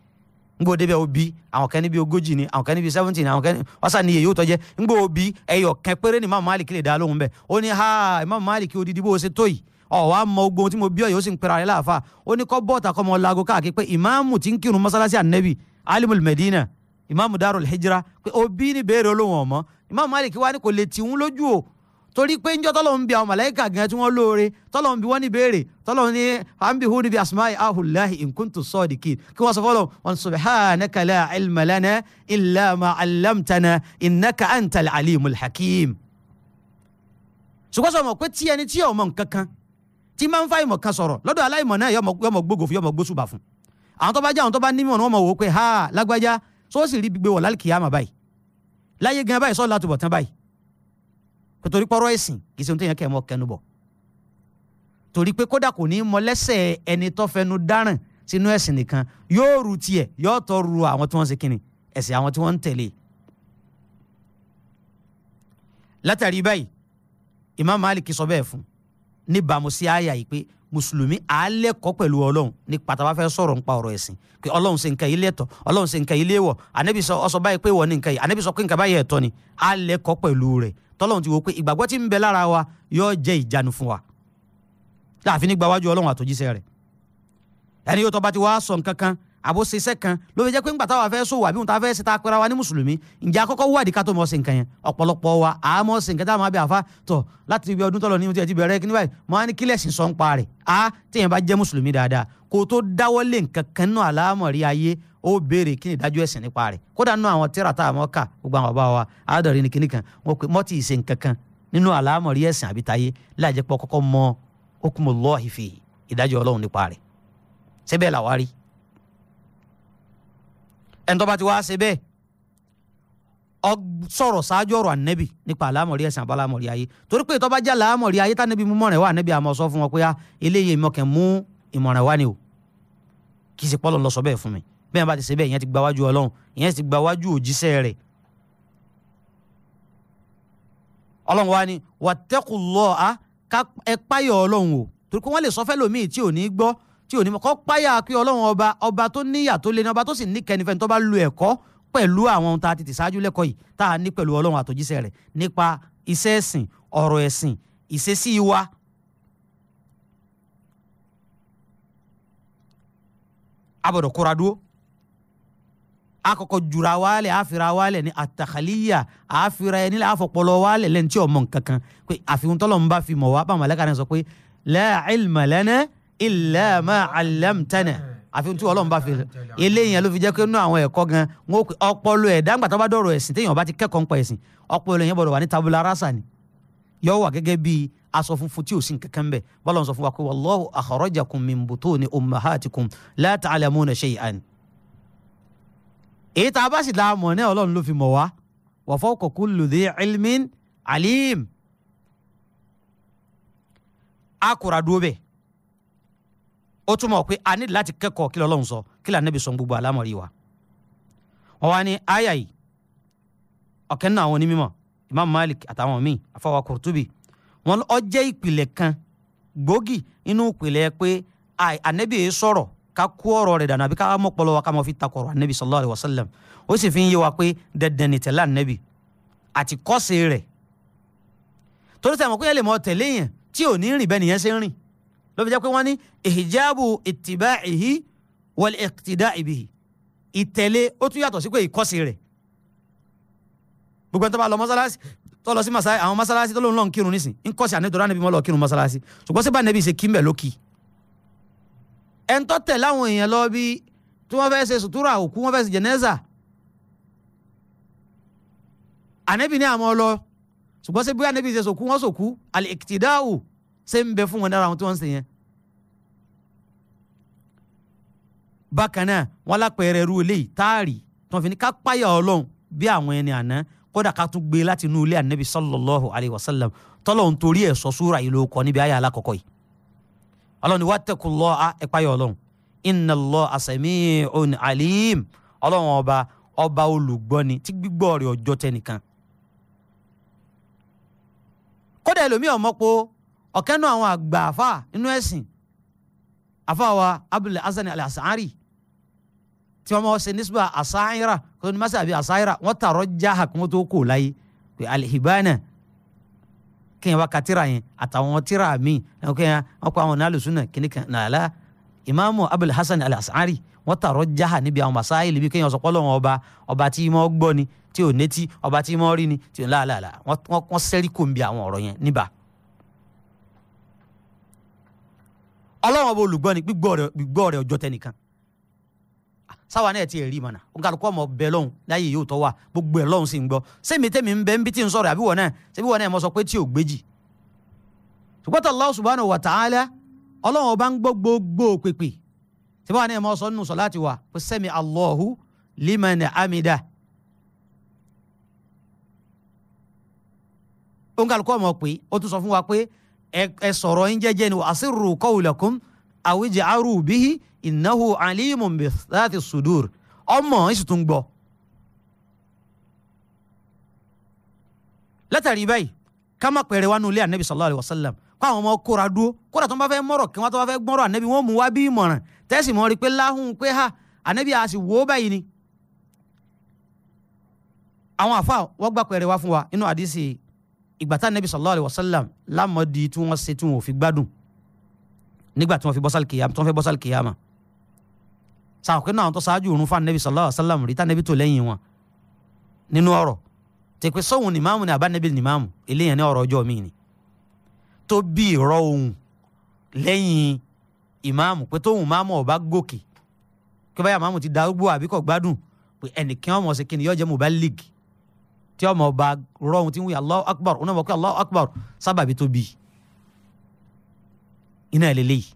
Speaker 1: ngbọ́ débẹ̀ obi àwọn kan níbi ogójì ni àwọn kan bi seventy ni àwọn kan ọ̀sán ni èyí ò tọ́jẹ́ obi ẹyọ kan péré ni Imam Malik lè dá lóhùn bẹ́ẹ̀ ó ní ha Imam Malik odidi bó o ṣe tó yìí ọ̀wá mọ ogun ohun tí mo bí ọ̀yọ́ sì ń pera rẹ̀ láàfa ó ní kọ́ bọ́ọ̀tà kọ́ mọ lago káàkiri pé ìmáàmù tí ń kírun mọ́sálásí ànẹ́bì alimul medina ìmáàmù darul hijra pé obi ní béèrè olóhùn ọ̀mọ́ Imam Malik wá ní kò lè tì lójú o torí pé njọ́ tọ́lọ́ ń bi àwọn màláìka gan tí wọ́n lóore tọ́lọ́ ń bi wọ́n ní béèrè tọ́lọ́ ní àǹbí hu níbi asma'i ahùláhi in kuntum sadiqin kí wọ́n sọ fọ́lọ́ wọn subhanaka la ilma lana illa ma 'allamtana innaka antal alimul hakim. ṣùgbọ́n sọ ma pé tí ẹni tí ọmọ nǹkan kan tí máa ń fa ìmọ̀ kan sọ̀rọ̀ lọ́dọ̀ aláìmọ̀ náà yọmọ gbogbo fún yọmọ gbósùbà fún àwọn tó bá jẹ́ àwọn tó bá nímọ̀ ni wọ́n mọ̀ wò pé ha lágbájá sọ́ọ́sì rí gbígbé wọ̀ lálẹ́ báyìí láyé gan báyìí sọ́ọ́ látúbọ̀ tán báyìí torí pọ́rọ́ ẹ̀sìn kì í ṣe ohun tó yẹn kẹ́ ẹ mọ́ kẹnu bọ̀ torí pé kódà kò ní mọ lẹ́sẹ̀ ẹni tó fẹnu dáràn sínú ẹ̀sìn nìkan yóò ru tiẹ̀ yóò tọ́ ru àwọn tí wọ́n ń ṣe kíni ẹ̀sìn àwọn tí wọ́n ń tẹ̀lé. látàrí báyìí Imam Malik sọ bẹ́ẹ̀ fún níbàámu sí àyà yìí pé mùsùlùmí àálẹ́kọ̀ọ́ pẹ̀lú ọlọ́run ní pàtàkì fẹ́ sọ̀rọ̀ nípa ọ̀rọ̀ ẹ̀sìn pé ọlọ́run ṣe nǹkan ilé ẹ̀tọ́ ọlọ́run ṣe nǹkan ilé wọ̀ ànábì sọ ọsọ báyìí pé ìwọ ni nǹkan yìí ànábì sọ pé nǹkan báyìí ẹ̀tọ́ ni àálẹ́kọ̀ọ́ pẹ̀lú rẹ̀ tọ́lọ́run ti wò pé ìgbàgbọ́ tí ń bẹ lára wa yóò jẹ́ ìjánu fún wa láàfin nígbà wájú ọlọ́run àtòjíṣẹ́ rẹ̀ ẹni yóò tọ́ba ti wá sọ nǹkan kan àbó kan ló fi jẹ́ pé ńgbà táwa fẹ́ sòwò àbí òun ta fẹ́ ṣe ta pera wa ní mùsùlùmí ǹjẹ́ akọ́kọ́ wádìí ká tó mọ̀ ṣe nǹkan yẹn ọ̀pọ̀lọpọ̀ wa àmọ́ ṣe nǹkan táwọn abẹ́ àfa tọ̀ láti ibi ọdún tọ́lọ̀ ní ti ẹ̀ ti bẹ̀rẹ̀ kí ni báyìí mo á ní kílẹ̀ sì sọ ń pa rẹ̀ á téèyàn bá jẹ́ mùsùlùmí dáadáa kó tó dáwọ́lé nǹkan kan náà àlámọ̀rí ayé ó béèrè kí ni ìdájọ́ ẹ̀sìn nípa rẹ̀ kódà nínú àwọn tíra tá a mọ̀ ká gbogbo àwọn bàbá wa àádọ́rin ní kíní kan wọ́n pe mọ́tì ìṣe nǹkan kan nínú àlámọ̀rí ẹ̀sìn àbítayé láàjẹpọ̀ kọ́kọ́ mọ okumullahi fi ìdájọ́ ọlọ́run nípa rẹ̀ síbẹ̀ làwa rí ẹni tó bá ti wá ṣe bẹ́ẹ̀ ọ sọ̀rọ̀ ṣáájú ọ̀rọ̀ ànẹ́bì nípa àlámọ̀rí ẹ̀sìn àbálámọ̀rí ayé torí pé ìtọ́ bá jẹ́ àlámọ̀rí ayé tánẹ́bí mú mọ̀rẹ̀ wá ànẹ́bí àmọ́ sọ fún wọn pé ah, eléyìí ìmọ̀kẹ́ mú ìmọ̀ràn wá ni o kì í ṣe pọ́lọ́ lọ bẹ́ẹ̀ fún mi bẹ́ẹ̀ bá ti ṣe bẹ́ẹ̀ ìyẹn ti gba wájú ọlọ́run ìyẹn ti gba wájú òjíṣẹ́ rẹ̀ ọlọ́run wa ni wattaqullaha ẹ páyọ̀ ọlọ́run o torí pé wọ́n lè sọ fẹ́ lòmíì tí ò ní gbọ́ tí ò ní mọ̀ kọ́ páyà pé ọlọ́run ọba ọba tó níyà tó lé ní ọba tó sì ní kẹnifẹ́ni tó bá lu ẹ̀kọ́ pẹ̀lú àwọn ohun tá a ti tì ṣáájú lẹ́kọ̀ọ́ yìí tá a ní pẹ̀lú ọlọ́run àtòjíṣẹ́ rẹ̀ nípa iṣẹ́ ẹ̀sìn ọ̀rọ̀ ẹ̀sìn ìṣesí wa a gbọ́dọ̀ kóra dúró a kọ́kọ́ jura wálẹ̀ a fira wálẹ̀ ní àtàkàlíyà a fira ẹni la a fọpọlọ wálẹ̀ lẹ́ni tí o mọ̀ nǹkankan pé àfihàn fi mọ̀ wá bá màlẹ́ka náà sọ pé la ilma lana illa ma allamtana àfihàn tí Ọlọ́run bá fi eléyìí yẹn fi jẹ́ pé nínú àwọn ẹ̀kọ́ gan wọn ò ọpọlọ ẹ̀ dáńgbà tó bá dọ̀rọ̀ ẹ̀sìn téèyàn bá ti kẹ́kọ̀ọ́ nípa ẹ̀sìn ọpọlọ yẹn bọ̀dọ̀ wà ní tabula rasa ni yóò wà gẹ́gẹ́ bíi aṣọ funfun tí ò sí nǹkan kan bẹ̀ bọ́lá ń sọ wa pé wallahu akhrajakum min butuni ummahatikum la ta'lamuna shay'an èyí tá a bá sì dá a mọ̀ ní ọlọ́run ló fi mọ̀ wá alim a bẹ́ẹ̀ ó túmọ̀ pé a nílò láti kẹ́kọ̀ọ́ kí lọ́lọ́run sọ kí lànà bí sọ gbogbo àlámọ̀rí wa wọn wá ní àyà yìí ọ̀kẹ́ nínú Imam Malik àtàwọn míì àfọwọ́ wọn ọ jẹ́ ìpìlẹ̀ kan gbòógì inú ìpìlẹ̀ pé ànẹ́bí yìí sọ̀rọ̀ ká kú ọ̀rọ̀ rẹ̀ dànù àbí ká mọ̀ pọlọ wa ká mọ̀ fi takọ̀rọ̀ anabi sallallahu alayhi wa sallam ó sì fi ń yé wa pé dandan ni tẹ̀lé anabi àti kọ́sẹ̀ rẹ̀ torí sàmọ̀ pé yẹn lè mọ tẹ̀lé yẹn tí ò ní rìn bẹ́ẹ̀ nìyẹn ṣe ń rìn ló jẹ́ pé wọ́n ní ìhìjáàbù ìtìbáìhì wal iqtida'i bihi ìtẹ̀lé ó tún yàtọ̀ sí pé ìkọ́sẹ̀ rẹ̀ gbogbo ẹni lọ mọ́sálásí tó lọ àwọn mọ́sálásí tó ẹn tó tẹ̀ láwọn èèyàn lọ bí tí wọ́n fẹ́ ṣe sùtúrà òkú wọ́n fẹ́ ṣe jẹ̀nẹ́sà ànẹ́bí ní àmọ́ lọ ṣùgbọ́n ṣé bí ànẹ́bí ṣe sòkú wọ́n sòkú àlè ìkìtìdáwò ṣe ń bẹ fún wọn lára àwọn tí wọ́n ń ṣe yẹn. bákan náà wọn lápẹẹrẹ irú eléyìí táàrí tí wọn fi ní ká páyà bí àwọn ẹni àná kódà ká tún gbé láti inú ilé ànẹ́bí sallallahu alayhi wa sallam tọ́lọ̀ ń torí ẹ̀ sọ súra yìí ló níbi àyà alákọ̀ọ́kọ́ yìí ọlọ́run ni wattaqullaha ẹ páyà ọlọ́run innallaha sami'un alim ọlọ́run ọba ọba olùgbọ́ni tí gbígbọ́ rẹ̀ ọjọ́ tẹnìkan. kódà ẹlòmíì ọmọpo ọ̀kẹ́ náà àwọn àgbà àfà nínú ẹ̀sìn àfà wa Abul Hasan al-Ash'ari tí wọ́n máa ṣe nisba asáyíra kó ní masáàbí asáyíra wọ́n tààrọ̀ jáhà kí wọ́n tó kò láyé pé alìhìbánà kí yẹn wá ka tíra yẹn àtàwọn tíra míì ẹ̀ kí yẹn wọ́n kọ́ àwọn nàlùsùn náà kíní kan nàlá imaamu abul hasan al-asari wọ́n tààrọ jaha níbi àwọn masaayi libi kéèyàn sọ pọlọ wọn ọba ọba tí mo gbọ́ ni tí ò netí ọba tí mo rí ni tí ò láàlàlà wọ́n sẹrí kò ń bi àwọn ọ̀rọ̀ yẹn níbà. ọlọ́wọ́n bó olùgbọ́ gbígbọ́ rẹ̀ ọjọ́ tẹnìkan sáwa náà ti rí mọ̀nà òǹkàlùkọ́ ọmọ bẹ́ẹ̀ lọ́hùn láyé yóò tọ́ wa gbogbo ẹ̀ lọ́hùn sì gbọ́ sẹ́mi tẹ́mi ń bẹ ń bí tí ń sọ̀rọ̀ àbí wọ́n sẹ́mi wọ́n mọ̀ sọ pé tí ò wa ọlọ́run ọba ń gbọ́ gbogbo pèpè sẹ́mi mọ̀ sọ sọ láti wà pé sẹ́mi amida. pé ó tún sọ fún wa pé ẹ sọ̀rọ̀ yín jẹ́jẹ́ ni innahu alimun bi dhati sudur ọmọ ìsì tún gbọ́. látàrí báyìí ká má pẹ̀rẹ̀ wá nulẹ̀ anabi sallallahu alayhi wa sallam kó àwọn ọmọ kóra dúró kóra tó ń bá fẹ́ mọ̀rọ̀ kí wọ́n tó bá fẹ́ gbọ́rọ̀ anabi wọ́n mú wá bí ìmọ̀ràn tẹ́sí mọ́ rí pé láhùn pé ha anabi a sì wó báyìí ni. àwọn àfa wọ́n gbà pẹ̀rẹ̀ wá fún wa inú àdìsí ìgbà tá anabi sallallahu alayhi wa sallam lámọ̀dí tí wọ́n ṣe tí wọ́n fi gbádùn nígbà tí wọ́n fi bọ́sálì kìyàmà tí wọ́n fẹ́ bọ́sálì kìyàmà sàkókè náà tó ṣáájú irun fún anabi sallallahu alayhi wa sallam rí tànàbí tó lẹ́yìn wọn nínú ọ̀rọ̀ tẹ̀pẹ́ sọ́hun ni máàmù ni àbánabi ni máàmù eléyàn ní ọ̀rọ̀ ọjọ́ mi ni tó bí ìrọ̀ ohun lẹ́yìn ìmáàmù pé tóhun máàmù ọba gòkè kí báyà máàmù ti darúgbó àbí kò gbádùn pé ẹnìkan ọmọ ṣe kíni yóò mọba league tí ọmọ ọba rọ ohun tí ń wí Allahu akbar onáwó pé Allahu akbar sábàbí tó bí iná ẹ̀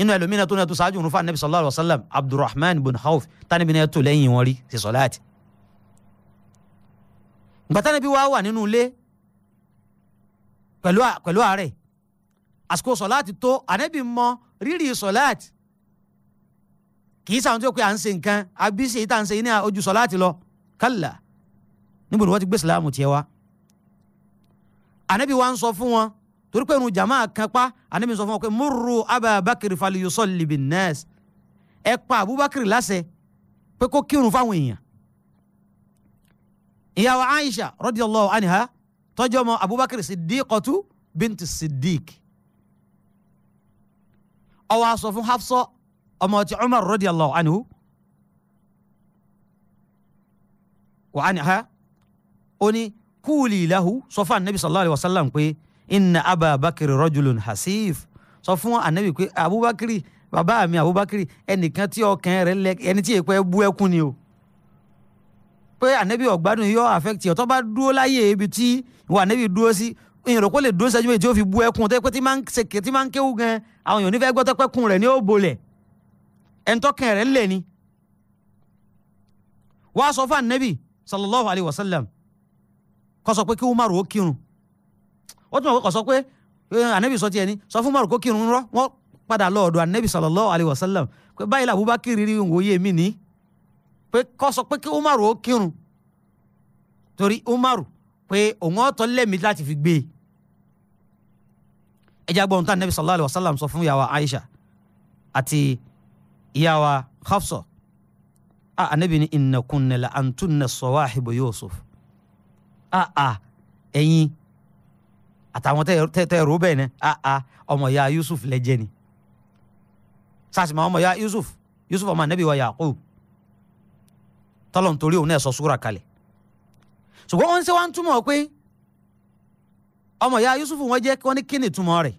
Speaker 1: inú ẹlòmínà tó náà tó ṣáájú òun fún anabi sallallahu alayhi wa sallam abdulrahman bin auf tánibí náà tó lẹ́yìn wọn rí ṣe sọláàtì. ìgbà tánibí wa wà nínú ilé pẹ̀lú àárẹ̀ àsìkò sọláàtì tó anabi mọ rírì sọláàtì kì í sàwọn tó pé à ń ṣe nǹkan àbí ṣe ìta ń ṣe ní ojú sọláàtì lọ kálá níbo ni wọ́n ti gbé sàlámù tiẹ̀ wá anabi wa ń sọ fún wọn torí pé irun jama kan pa anabi sọ fún wọn pé murru ababakiri fali yusalli bin nas ẹ pa abubakar láṣẹ pé kó kírun fáwọn èèyàn ìyàwó aisha radiyallahu anha tọjọ mọ abubakar siddiqatu binti siddiq ó wá sọ fún hafsọ ọmọ ti umar radiyallahu anhu wa anha ó ní kúùlì lahu sọ fún anabi sallallahu alayhi pé inna ababakiri rọjulun hasif sọ fún anabi pé abubakiri bàbá mi abubakiri ẹnìkan tí ọkàn rẹ̀ lẹ ẹni tí èèpẹ bú ẹkún ni o pé anabi ọgbádùn yọ àfẹkìtì ọtọ bá dúró láyé ibi tí ìwà anabi dúró sí èèyàn rò kó lè dúró sẹ́jú méjì tí ó fi bú ẹkún tó pé tí máa ń kéwú gan àwọn èèyàn nífẹ̀ẹ́ gbọ́tọ́ pẹ́kun rẹ̀ ní ó bolẹ̀ ẹ̀ńtọ́kàn rẹ̀ lẹ̀ ni wàá sọ fún anabi sallallahu alayhi wa sallam kó sọ pé kí umaru ó kírun wọ́n tún kọ̀ sọ pé anabi eh, sọ tiẹ̀ ni sọ fún márùkó kírun rọ wọ́n padà lọ ọ̀dọ̀ anabi sallallahu alayhi wa sallam pé báyìí la abubakar rí òye mi ní pé kọ́ sọ pé kí umaru ó kírun torí umaru pé òun ọ̀tọ̀ lẹ́mí láti fi gbé e ẹjẹ́ agbọ́n tá anabi sallallahu alayhi wa sallam sọ fún ìyàwó aisha àti ìyàwó hafsa a anabi ni innakunna la antunna sawahibu yusuf a a ẹ̀yin. E àtàwọn tẹ́ ẹ̀rọ bẹ́ẹ̀ ni àà ah, ah, ọmọ ìyá Yusuf lẹ́jẹ̀ ni sásìmọ́ ọmọ ìyá Yusuf Yusuf ọmọ anabi wa Yaqub tọ́lọ̀ nítorí òun náà sọ súra kalẹ̀ ṣùgbọ́n wọ́n ń ṣe wá ń túmọ̀ pé ọmọ ìyá Yusuf wọn jẹ́ wọ́n ní kí ni túmọ̀ rẹ̀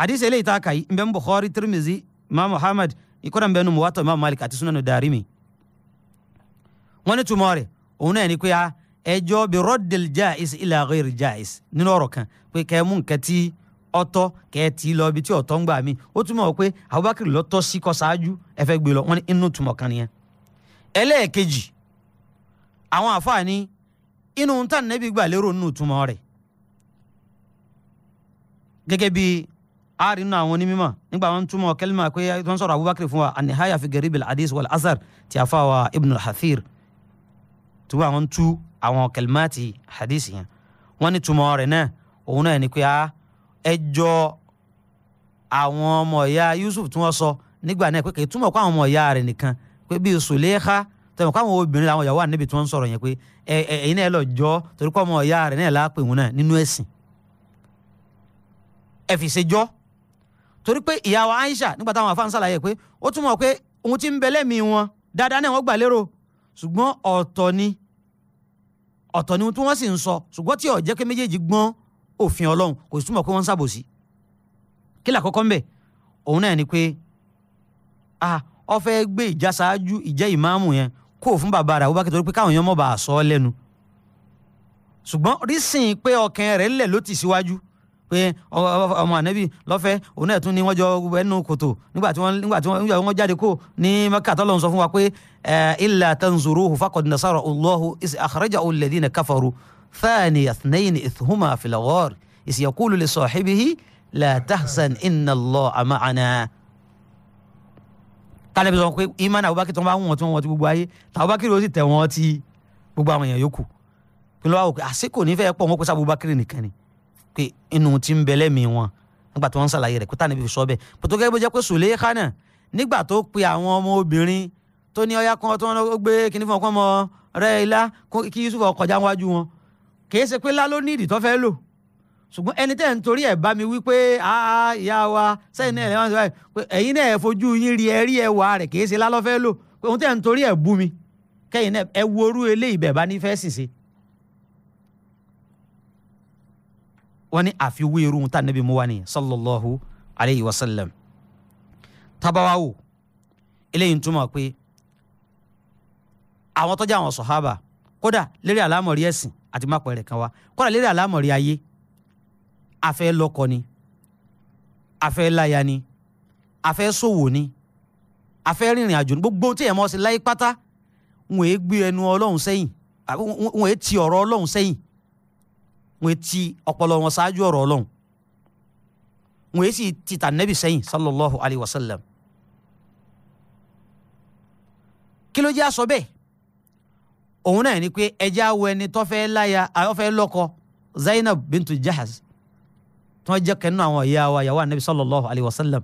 Speaker 1: àdìsí eléyìí tá a kà Muhammad ìkọ́dà Malik àti wọ́n ní túmọ̀ rẹ̀ òun náà ní ẹjọ́ bí rọ́dìl jáìs ilà ghairi jáìs nínú ọ̀rọ̀ kan pé kẹ́ mú nǹkan tí ọ̀tọ̀ kẹ́ tí lọ ibi tí ọ̀tọ̀ ń gbà mí ó túmọ̀ pé Abubakar lọ́tọ́ sí kọ́ ṣáájú ẹ fẹ́ gbé lọ wọ́n ní inú túmọ̀ kan nìyẹn. ẹlẹ́ẹ̀kejì àwọn àfààní inú ń tàn nẹ́bí gbà lérò nínú túmọ̀ rẹ̀ gẹ́gẹ́ bí ari nínú àwọn onímọ̀ nígbà wọn túmọ̀ kẹlẹ́mà pé wọ́n sọ̀rọ̀ Abubakar fún wa anihaya fi garibil hadith wal azhar ti afa wa Ibn al-Hathir tuba àwọn tú àwọn kẹlímàtì hadith yẹn wọ́n ní túmọ̀ rẹ̀ náà òun náà ni pé a ah, ẹjọ́ àwọn ọmọ ìyá Yusuf tí wọ́n sọ nígbà náà pé kì í túmọ̀ kó àwọn ọmọ ìyá rẹ̀ nìkan pé bíi Sùlẹ́ẹ̀ká tẹ̀wọ̀n káwọn obìnrin àwọn ìyàwó àníbi tí wọ́n ń sọ̀rọ̀ yẹn pé ẹ̀yin náà lọ jọ́ torí kọ́ ọmọ ìyá rẹ̀ náà láàpẹ̀ wọn náà nínú ẹ̀sìn ẹ fi ṣe jọ́ torí pé ìyá wa Aisha nígbà táwọn afáàn ṣàlàyé pé ó túmọ̀ pé òun ti ń bẹ lẹ́mìí wọn dáadáa náà wọ́n gbà lérò ṣùgbọ́n ọ̀tọ̀ ni ọ̀tọ̀ ni tí wọ́n sì ń sọ ṣùgbọ́n tí ó jẹ́ pé méjèèjì gbọ́n òfin ọlọ́run kò sì túmọ̀ pé wọ́n ń ṣàbòsí kí làkọ́kọ́ ń bẹ̀ òun náà ni pé a ó fẹ́ gbé ìjà ṣáájú ìjẹ́ ìmáàmù yẹn kó o fún bàbá rẹ̀ Abubakar torí pé káwọn èèyàn bá a sọ ọ́ lẹ́nu ṣùgbọ́n rísìn pé ọkàn rẹ̀ lẹ̀ ló ti síwájú pé ọmọ ànẹ́bí lọ́fẹ́ òun náà tún ni wọ́n jọ ẹnu kòtò nígbà tí wọ́n nígbà tí wọ́n jáde kó ní mẹ́kà tọ́lọ́ sọ fún wa pé illa tanzuruhu faqad nasarahu Allahu is akhrajahu alladhina kafaru thani athnayn ithuma fil ghar is yaqulu li sahibihi la tahzan inna Allaha ma'ana kálẹ̀ bí sọ pé imán abubakar tó ń bá wọn tí wọn ti gbogbo ayé tàbúbakar ó sì tẹ̀ wọ́n ti gbogbo àwọn èèyàn yòókù pínlẹ̀ wà wò pé àsìkò nífẹ̀ẹ́ pọ̀ wọn kó sábúbakar nìkan ni pé inú ti ń bẹ lẹ́mìí wọn nígbà tí wọ́n ń ṣàlàyé rẹ̀ kó tànàbí fi sọ bẹ́ẹ̀ pòtó gẹ́gẹ́ bó jẹ́ pé Sùlẹ́yìká náà nígbà tó pe àwọn ọmọ obìnrin tó ní ọyá kan tó wọn gbé kinní fún ọkọ ọmọ rẹ ilá kí Yusuf ọkọjá wájú wọn kìí ṣe pé lá ló ní ìdí tó fẹ́ lò ṣùgbọ́n ẹni tẹ́ ń torí ẹ̀ bá mi wí pé àá ìyá wa sẹ́yìn náà ẹ̀wọ̀n ṣe pé ẹ̀yin náà fojú yín rí ẹ rí ẹwà rẹ̀ kìí ṣe lá ló fẹ́ lò pé òun tẹ́ ń torí ẹ̀ bú mi kẹ́yìn náà ẹ wo orú eléyìí bẹ̀ bá ní sì ṣe wọ́n ní àfiwé irú tá nàbí mú wa ni sallallahu alayhi wa sallam tabawawo eléyìí ń túmọ̀ pé àwọn tọ́jà àwọn sọ̀hábà kódà lérí àlámọ̀rí ẹ̀sìn àti mápẹ̀rẹ̀ kan wa kódà lérí àlámọ̀rí ayé afẹ́ lọ́kọ ni afẹ́ láya ni afẹ́ ṣòwò ni afẹ́ rìnrìn àjò ni gbogbo tí ẹ̀ mọ́ sí láyé pátá wọn èé gbé ẹnu ọlọ́run sẹ́yìn wọn èé ti ọ̀rọ̀ ọlọ́run sẹ́yìn wọ́n ti ọpọlọ wọn ṣáájú ọ̀rọ̀ ọlọ́run wọ́n sì ti tà nẹ́bì sẹ́yìn sallallahu alayhi wa sallam. kí ló jẹ́ aṣọ bẹ́ẹ̀ òun náà ni pé ẹja wo ẹni tó fẹ́ láya ó Zainab bintu Jahaz tí wọ́n jẹ́ kẹ́nu àwọn ìyá wa yàwó anabi sallallahu alayhi wa sallam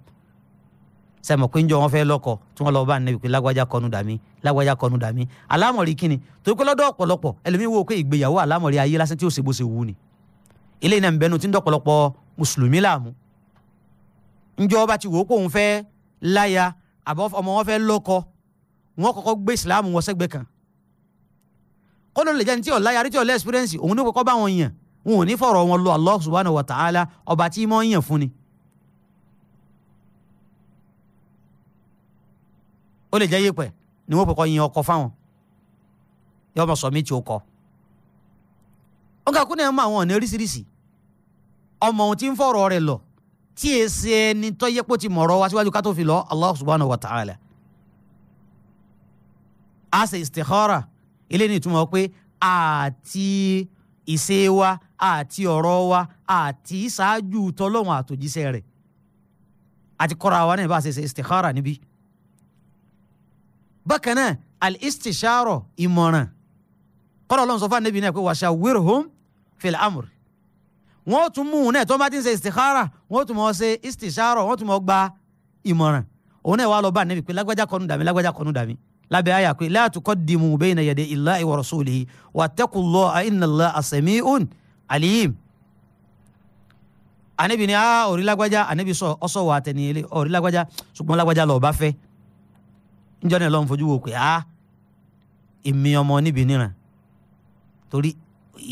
Speaker 1: sẹ́mi pé ń jọ wọn fẹ́ lọ́kọ tí wọ́n lọ bá anabi pé lágbájá kọnu dàmí lágbájá kọnu dàmí alámọ̀rí kíni torí pé lọ́dọ̀ ọ̀pọ̀lọpọ̀ ẹlòmíín wo pé ìgbéyàwó alámọ̀rí ayé lásán tí ó ṣe bó ṣe wù ni eléyìí náà ń bẹnu tí ń dọ̀pọ̀lọpọ̀ mùsùlùmí làmú ǹjọ́ bá ti wò ó pé òun fẹ́ láya àbọ̀ ọmọ wọn fẹ́ lọ́kọ wọn kọ́kọ́ gbé ìsìláàmù wọn sẹ́gbẹ̀ẹ́ kan kọ́nà lè jẹ́ni tí ọ̀ rí tí ọ̀ experience òun ní kọ́kọ́ bá wọn yàn wọn ò ní fọ̀rọ̀ wọn lọ Allah subhanahu wa ta'ala ọba tí mọ́ yàn fún ni. ó lè jẹ́ yípẹ̀ ni wọ́n kọ́kọ́ yin ọkọ fáwọn yọ́mọ̀ wọn kà kúnlẹ̀ mọ àwọn ọ̀nà oríṣiríṣi ọmọ òun ti ń fọ̀rọ̀ rẹ̀ lọ tí e ṣe ẹni tó yẹ pé ó ti mọ̀rọ̀ wá síwájú ká tó fi lọ Allah subhanahu wa ta'ala a ṣe istikhara ilé ní ìtumọ̀ pé àti ìṣe wa àti ọ̀rọ̀ wa àti ìṣáájú tọlọ́hun àtòjíṣẹ́ rẹ̀ àti kọ́ra wa náà bá ṣe ṣe istikhara níbí bákan náà al-istisharo ìmọ̀ràn kọ́ra ọlọ́run sọ fún anabi náà pé wàṣà wíìrì home fìlà amr wọ́n tún mú un náà tó bá ti ń ṣe istikhara wọ́n tún mọ̀ ṣe istishara wọ́n tún mọ̀ gba ìmọ̀ràn òun náà wà lọ bá nẹ́bi pé lágbájá kọnu dàmí lágbájá kọnu dàmí lábẹ́ àyà pé la tuqaddimu bayna yaday illahi wa rasulihi wattaqullaha inna allaha sami'un alim anabi ni aa ah, orí lágbájá anabi sọ ọsọ wà tẹniyẹlé orí lágbájá ṣùgbọ́n lágbájá lọ bá fẹ́ ah,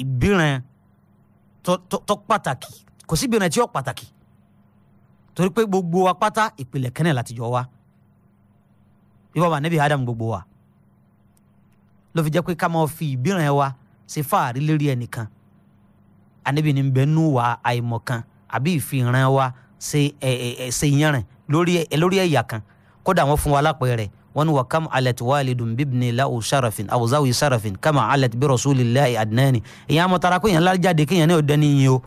Speaker 1: ìbíran tó pàtàkì kò síbi ọ̀nà tí ó pàtàkì torí pé gbogbo wa pátá ìpìlẹ̀ kẹ́nẹ̀ láti jọ wa ibà wà níbi Adam gbogbo wa ló fi jẹ́ pé ká máa fi ìbíràn ẹ wa ṣe fàárí lérí ẹnìkan àníbi ní bẹ́ẹ̀ nù wá àìmọ̀kan àbí ìfihàn wa ṣe ìyànrìn lórí ẹ̀yà kan kódà wọ́n fún wa lápẹ̀rẹ̀ wọ́n ní wa kam alat walidun bibni lau sharafin aw zawi sharafin kama alat bi rasulillahi adnani ìyẹn àmọ́ tara pé èèyàn lájáde kí èèyàn náà dání yín o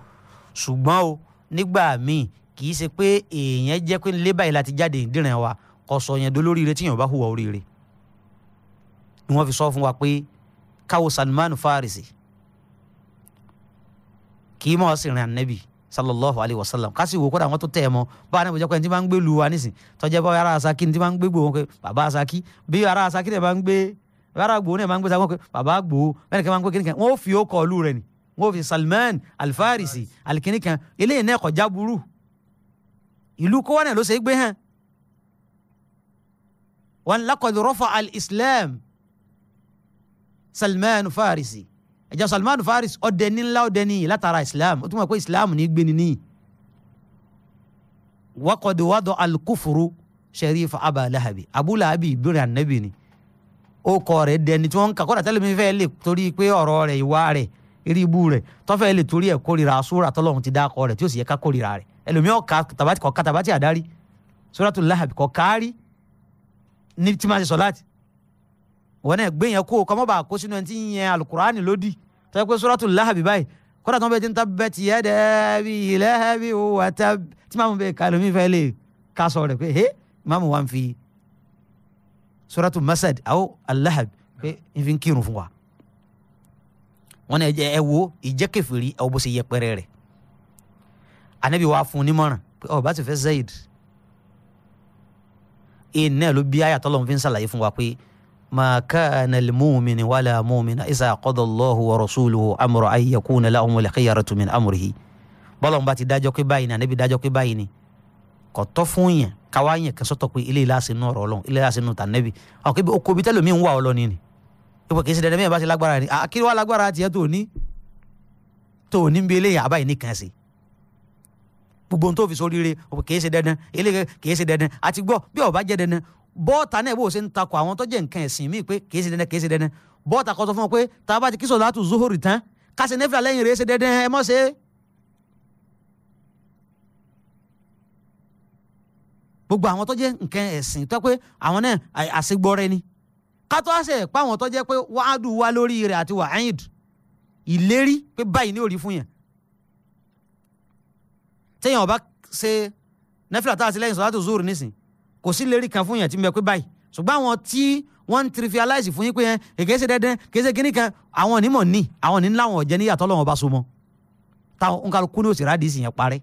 Speaker 1: ṣùgbọ́n o nígbà míì kì í ṣe pé èèyàn jẹ́ pé lébà yìí láti jáde ìdíràn wa kò sọ yẹn dolóríire tíyàn bá hùwà oríire ni wọ́n fi sọ fún wa pé káwo Salman Farisi kì í mọ̀ ọ́ sallallahu alayhi wa sallam kasi wo kódà wọn tó tẹ ẹ mọ báwa náà bójú ọkọ ẹni tí máa ń gbé lu wa nísìn tọjá báwa ara asaki ni tí máa ń gbé gbòó wọn pé bàbá asaki bí ara asaki náà máa ń gbé ara gbòó náà máa ń gbé sago wọn pé bàbá gbòó bẹ́ẹ̀ nìkan máa ń gbé kíníkan wọn ò fi ó kọ rẹ ni wọn ò fi Salman Al-Farisi alikinikan eléyìí náà kọjá burú ìlú kó wọn náà ló ṣe é gbé hàn wọn laqad rafa al-Islam Salman Farisi ẹ̀jẹ̀ Salman Faris ọdẹ ní ńlá ọdẹ níyì látara Islam ó tún mọ̀ pé Islam ní gbéni níyì wakọ̀dé wadọ̀ alukufuru sẹ̀ríf Aba Lahabi Abu Lahabi ìbírin ànábì ni ó kọ rẹ̀ dẹni tí wọ́n ń kà kódà tẹ́lẹ̀mí fẹ́ lè torí pé ọ̀rọ̀ rẹ̀ ìwà rẹ̀ iribu rẹ̀ tọ́fẹ́ lè torí ẹ̀ kórira sóra tọ́lọ́hún ti dákọ rẹ̀ tí ó sì yẹ ká kórira rẹ̀ ẹlòmíì ọ̀ka tabati kọ̀ọ̀ka tabati àdárí sóràtú Lahabi kọ̀ọ̀kaárí ní tí máa ṣe sọ láti wọn náà gbé yẹn kó o kọ́mọ́ bá kó sínú ẹni tí yẹn alukurani lódì tẹ́ pé sọ́ràtù láhàbí báyìí kọ́dà tó ń bẹ ti ń ta bẹ́ẹ̀ ti yẹ dẹ́ bí ilẹ̀ bí wà tá tí màmú bẹ kàlù mí fẹ́ lè ká sọ rẹ̀ pé hé màmú wa ń fi sọ́ràtù masad àwọ̀ aláhàbí pé ń fi ń kírun fún wa. wọn náà ẹ wo ìjẹ́ kẹfìrí ẹ wo bó ṣe yẹ pẹ́rẹ́ rẹ̀ anabi wa fún un nímọ̀ràn pé ọ̀ bá ti fẹ́ zayid ẹ̀ náà ló bí ayatollah fi ń ṣàlàyé fún wa pé ما كان المؤمن ولا مؤمن إذا قضى الله ورسوله أمر أن يكون لهم الخيرة من أمره bọ́lọ́n bá ti dájọ́ pé báyìí ni ànábì dájọ́ pé báyìí ni kò tọ́ fún yẹn káwá yẹn kẹsọ́ tọ́ pé ilé ìlàsìn nù ọ̀rọ̀ ọlọ́run ilé ìlàsìn nù tànẹ́bì àwọn kébí oko bíi tẹ́lẹ̀ mi ń wà ọ lọ ni ni ipò kìí ṣe dandan mẹ́yìn bá ti lágbára ni àkírí wa lágbára tiẹ̀ tó ní tó ní bí eléyìí àbáyìí nìkan ṣe gbogbo ohun tó fi sóríire kìí ṣe dandan eléyìí kìí ṣe dandan àti gbọ́ bí ó bá jẹ́ dandan bọ́ọ̀tà náà ṣe ń takọ̀ àwọn tó jẹ́ nǹkan ẹ̀sìn míì pé kìí ṣe dandan kìí ṣe dandan bọ́ọ̀tà kọ́ sọ fún wọn pé tá a bá ti kí sọ̀dọ̀ àtúntò zuhuri tán ká ṣe nẹ́fìlà lẹ́yìn rẹ̀ ṣe dandan ẹ mọ́ ṣe gbogbo àwọn tó jẹ́ nǹkan ẹ̀sìn tó pé àwọn náà àṣegbọ́rẹ́ ni kátó àṣẹ pa àwọn tó jẹ́ pé wàádùú wá lórí rẹ̀ àti wàáyìd ìlérí pé báyìí ní òrí fún yẹn téèyàn ọba ṣe nẹ́fìlà tá a ti lẹ́yìn sọ̀dọ̀ zuhuri nísìnyí kò sí lérí kan fún yàn tí ń bẹ pé báyìí ṣùgbọ́n àwọn tí wọ́n ń trivialize fún yín pé yẹn kèké ṣe dẹ́dẹ́ kéṣe kínní kan àwọn onímọ̀ ní àwọn onílà wọn ọ̀jẹ́ níyàtọ̀ lọ́wọ́ bá so mọ́ táwọn nkálukú ní òsèré àdìsí yẹn parẹ́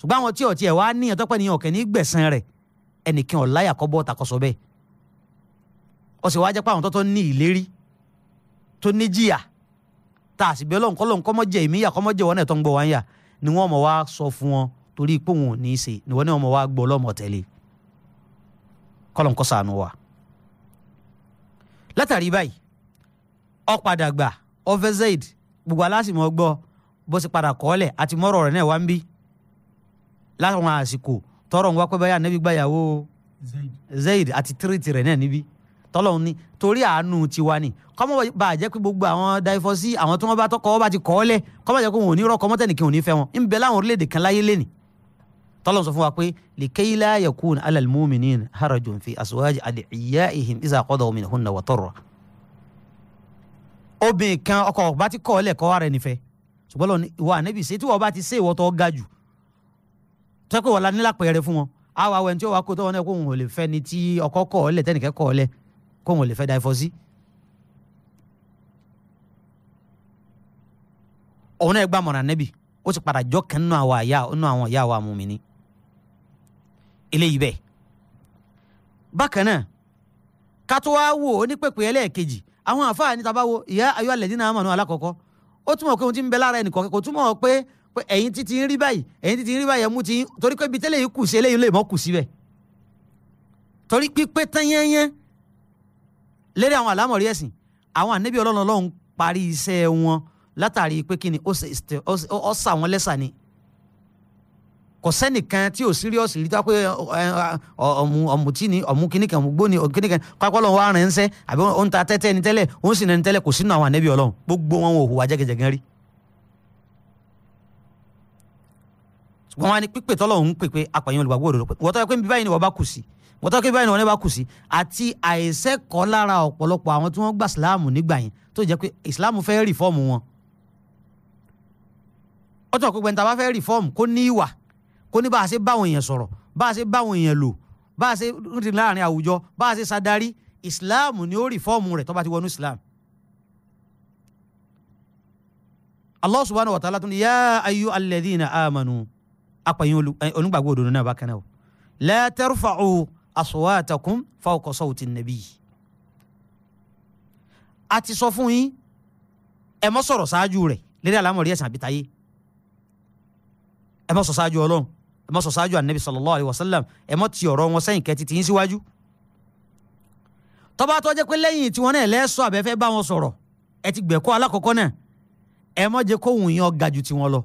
Speaker 1: ṣùgbọ́n àwọn tí ọ̀tí ẹ̀ wá níyàn tọ́pẹ́ níyàn ọ̀kẹ́ ní gbẹ̀sán rẹ̀ ẹnìkan ọ̀láyà kọ́ bọ́ takọ̀sọ bẹ́ẹ̀ ó sì wáá jẹ́ pé àwọn tọ́tọ́ ní ìlérí tó ní ni wọ́n mọ̀ wá sọ fún ni wọ́n náà mọ̀ kọ́lọ́n kó ṣàánú wa. látàrí báyìí ó padà gbà ọfẹ́ zaid gbogbo aláṣìmọ̀ gbọ́ bó ṣe padà kọ́ọ́lẹ̀ àti mọ́rọ̀ rẹ̀ náà wá ń bí láwọn àsìkò tọrọ ń wá pé báyà níbi gbàyàwó zaid àti tírìtì rẹ̀ náà níbí tọ́lọ́run ní torí àánú tiwa ni kọ́mọ bá a jẹ́ pé gbogbo àwọn dáifọ́sí àwọn tí wọ́n bá tọkọ wọ́n bá ti kọ́ọ́lẹ̀ kọ́mọ jẹ́ pé wọn ò ní rọ́kọ mọ́tẹ́nìkan ò ní fẹ́ wọn ń bẹ láwọn orílẹ̀-èdè kan láyé lénìí tọ́lọ́n sọ fún wa pé lìkéyìlá yakun alalmuminin harajun fi asuwaji adìyá ihim isa kọ́dọ̀ omi nìhun náà wọ́tọ̀rọ̀. obìnrin kan ọkọ bá ti kọ́ ọlẹ̀ kọ́ ara ẹni fẹ́ ṣùgbọ́n lọ ìwà ànábì ṣe tí wọ́n bá ti ṣe ìwọ́ tó ga jù tó yẹ kó wọ́n la nílà pẹ̀rẹ̀ fún wọn àwọn awẹ́ tí ó wà kó tó náà kó wọn lè fẹ́ ni tí ọkọ kọ́ ọlẹ̀ tẹ́nìkẹ́ kọ́ ọlẹ̀ kó wọn lè fẹ́ da ẹfọ́ sí. òun náà gbàmọ̀ràn ànábì ó ti padà jọ́ kan àwọn àyà nínú àwọn àyà wa mùmínì eléyìí bẹ́ẹ̀. bákan náà ká wò ó ní pèpè ẹlẹ́ẹ̀kejì àwọn àfáà ní tabawo ìyá ayọ́ alẹ́ dínà alákọ̀ọ́kọ́ ó túmọ̀ pé ohun ti ń bẹ lára ẹnì kò túmọ̀ pé ẹ̀yin títí ń rí báyìí ẹ̀yin ń rí báyìí ẹ̀mú ti ń torí pé ibi tẹ́lẹ̀ yìí kù sí eléyìí lè mọ́ kù síbẹ̀ torí pípé tán yẹ́nyẹ́ lérí àwọn àlámọ̀rí ẹ̀sìn àwọn kò sẹ́nìkan tí ò serious rí tápé ọ̀mù ọ̀mù tí ni ọ̀mù kìnìkan ọ̀mù gbóni kìnìkan kápẹ́ lọ́wọ́ àrùn ẹ̀ńsẹ́ àbí ó ń ta tẹ́tẹ́ ni tẹ́lẹ̀ ó ń sì nẹni tẹ́lẹ̀ kò sínú àwọn ànẹ́bí ọlọ́run gbogbo wọn ò hùwà jẹ́gẹ́jẹ́gẹ́ rí. ṣùgbọ́n wọn ni pípè tọ́lọ́run ń pèpè apàyàn olùgbàgbọ́ òdodo pé wọ́n tọ́ pé báyìí ni wọ́n bá kù sí wọ́n tọ́ pé báyìí ni wọ́n bá kù sí àti àìsẹ́kọ̀ọ́ lára ọ̀pọ̀lọpọ̀ àwọn tí wọ́n gbà síláàmù nígbà yẹn tó jẹ́ pé ìsìláàmù fẹ́ rìfọ́ọ̀mù wọn. ó tọ́ pé gbẹ̀ntà bá fẹ́ rìfọ́ọ̀mù kó ní ìwà kó ní bá a ṣe báwọn èèyàn sọ̀rọ̀ bá a ṣe báwọn èèyàn lò bá a ṣe rìn láàrin àwùjọ bá a ṣe ṣadarí islam ni ó rí fọ́ọ̀mù rẹ̀ tó bá ti wọnú islam. allah subhanahu wa ta'ala tún ní yá ayú alladhina amanu apàyín eh, onígbàgbọ́ òdodo náà bákan náà o la tarfa'u aswatakum fawqa sawti nabi. a ti sọ fún yín ẹ mọ́ sọ̀rọ̀ ṣáájú rẹ̀ lédè àlámọ̀rí ẹ̀sìn àbítayé ẹ mọ́ sọ ṣáájú ọlọ́run ẹ má sọ ṣáájú ànábì sallallahu alaihi wasallam ẹ má ti ọ̀rọ̀ wọn sẹ́yìn kẹ́tì tí ń síwájú. tọ́ba tó jẹ́ pé lẹ́yìn tí wọ́n náà lẹ́sọ̀ àbẹ́fẹ́ bá wọn sọ̀rọ̀ ẹ ti gbẹ̀kọ́ alákọ̀ọ́kọ́ náà ẹ má jẹ́ kóhùn yẹn ga ju tiwọn lọ.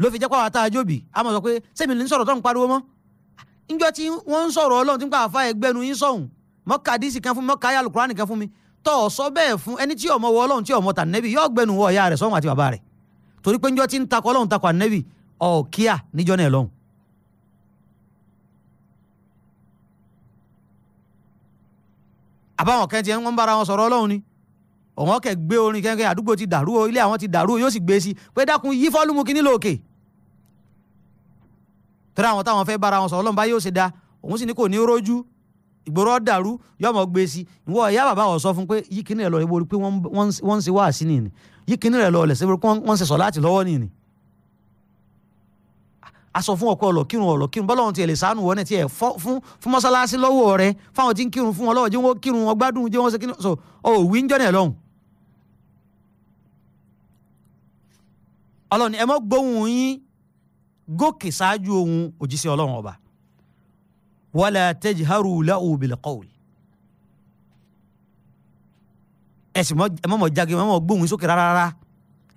Speaker 1: ló fi jẹ́ pé àwọn àtàjọ bì á mọ̀ sọ pé sẹ́mi ní sọ̀rọ̀ tó ń pariwo mọ́ níjọ́ tí wọ́n ń sọ̀rọ̀ ọlọ́run tí ń pa àfa ẹgbẹ́nu torí pé njọ́ tí ń takọ̀ ọlọ́run takọ̀ ànẹ́bì ọ̀kíà níjọ́ náà lọ́hùn. àbáwọn kẹ́ntì ẹ̀ ń bára wọn sọ̀rọ̀ ọlọ́run ni ọ̀wọ́n kẹ́ gbé orin kẹ́kẹ́ àdúgbò ti dàrú o ilé àwọn ti dàrú o yóò sì gbé sí pé dákun yí fọ́lùmù kínní lòkè tẹ́lẹ̀ àwọn táwọn fẹ́ bára wọn sọ̀rọ̀ ọlọ́run bá yóò ṣe da òun sì ní kò ní rójú ìgboro dàrú yọmọ gbé sí ìwọ ìyá bàbá wọn sọ fún pé yí kíní rẹ lọ ìwọ rí pé wọ́n ń ṣe wá sí nìyí yí kíní rẹ lọ ọlẹ síbi pé wọ́n ń ṣe sọ láti lọ́wọ́ nìyí. aṣọ fún ọkọ ọlọkírun ọlọkírun bọ́lọ́run tiẹ̀ lè sànù wọn tiẹ̀ fún fún mọ́sálásí lọ́wọ́ rẹ fáwọn tí ń kírun fún wọn lọ́wọ́ jẹ́ wọ́n kírun wọn gbádùn jẹ́ wọ́n ṣe kíní so òwì ń jọ́nà ẹ̀ lọ́hùn. ọlọ́ni ẹ mọ́ gbóhùn yín gòkè ṣáájú ohun òjíṣẹ́ ọlọ́run ọba wala tajharu lahu bil qawl ẹ sì mọ̀mọ́ jáde mọ̀mọ́ gbóhùn sókè rárá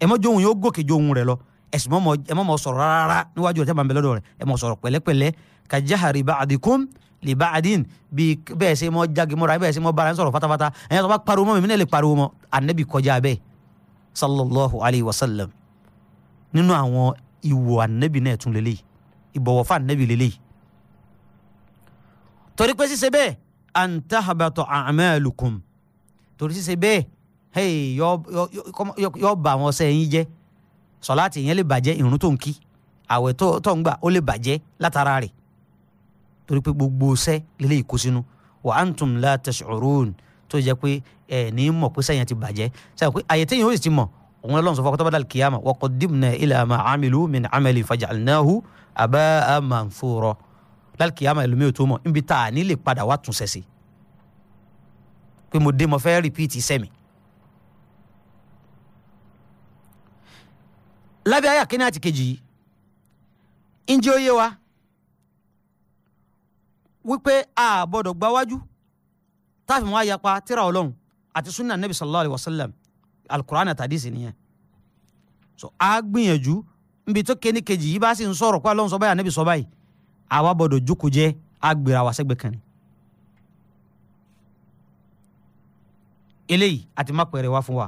Speaker 1: ẹ mọ̀ jóhùn yóò gòkè jóhùn rẹ̀ lọ ẹ sì mọ̀mọ́ sọ̀rọ̀ rárá níwájú rẹ̀ tẹ́ bá ń bẹ lọ́dọ̀ rẹ̀ ẹ mọ̀ sọ̀rọ̀ pẹ̀lẹ́pẹ̀lẹ́ ka jahari ba'dikum li ba'din bí bẹ́ẹ̀ ṣe mọ̀ jáde mọ̀ra bẹ́ẹ̀ ṣe mọ̀ bára ń sọ̀rọ̀ fatafata ẹ̀yẹ́ sọ bá pariwo mọ́ mi nílẹ̀ pariwo mọ́ anabi kọjá bẹ́ẹ̀ sallallahu alayhi wa sallam nínú àwọn ìwọ anabi náà tún lélẹ́yìí ìbọ̀wọ̀ fún anabi lélẹ́yìí torí pé ṣíṣe bẹ́ẹ̀ antahabatọ̀ amalukum torí ṣíṣe bẹ́ẹ̀ hey yọ yọ yọ bà wọn sẹ́yìn jẹ́ sọláàtì yẹn lè bàjẹ́ ìrun tó ń kí àwẹ̀ tó tó ń gbà ó lè bàjẹ́ látara rẹ̀ torí pé gbogbo sẹ́ lélẹ́ ìkó sínú wa antum la tash'urun tó jẹ́ pé ẹ̀ ní mọ̀ pé sẹ́yìn ti bàjẹ́ sẹ́yìn pé àyè téyìn ó sì ti mọ̀ òun lọ́nà sọ fún akọ́tọ́ bá dàlù kìyàmà wa qaddimna ila ma amilu min amali faj'alnahu abaa manthura lálùkìyàmà ẹlòmíì ò tó mọ̀ níbi tá a ní lè padà wá tún sẹ̀sẹ̀ pé mo dé mo fẹ́ rìpíìtì iṣẹ́ mi. lábẹ́ àyà kínní àti kejì yìí ǹjẹ́ ó yé wa wípé a gbọ́dọ̀ gbáwájú táàfin wa yapa tíra ọlọ́run àti sunna nabi sallallahu alayhi wa sallam alukur'an àtàdísì nìyẹn so a gbìyànjú nbi tó kéne kejì yìí bá sì ń sọ̀rọ̀ pé ọlọ́run sọ báyìí sọ báyìí àwa gbọ́dọ̀ jókòó jẹ́ agbèrè àwa sẹ́gbẹ̀ẹ́ kan ni. eléyìí àti má pẹ̀rẹ̀ wá fún wa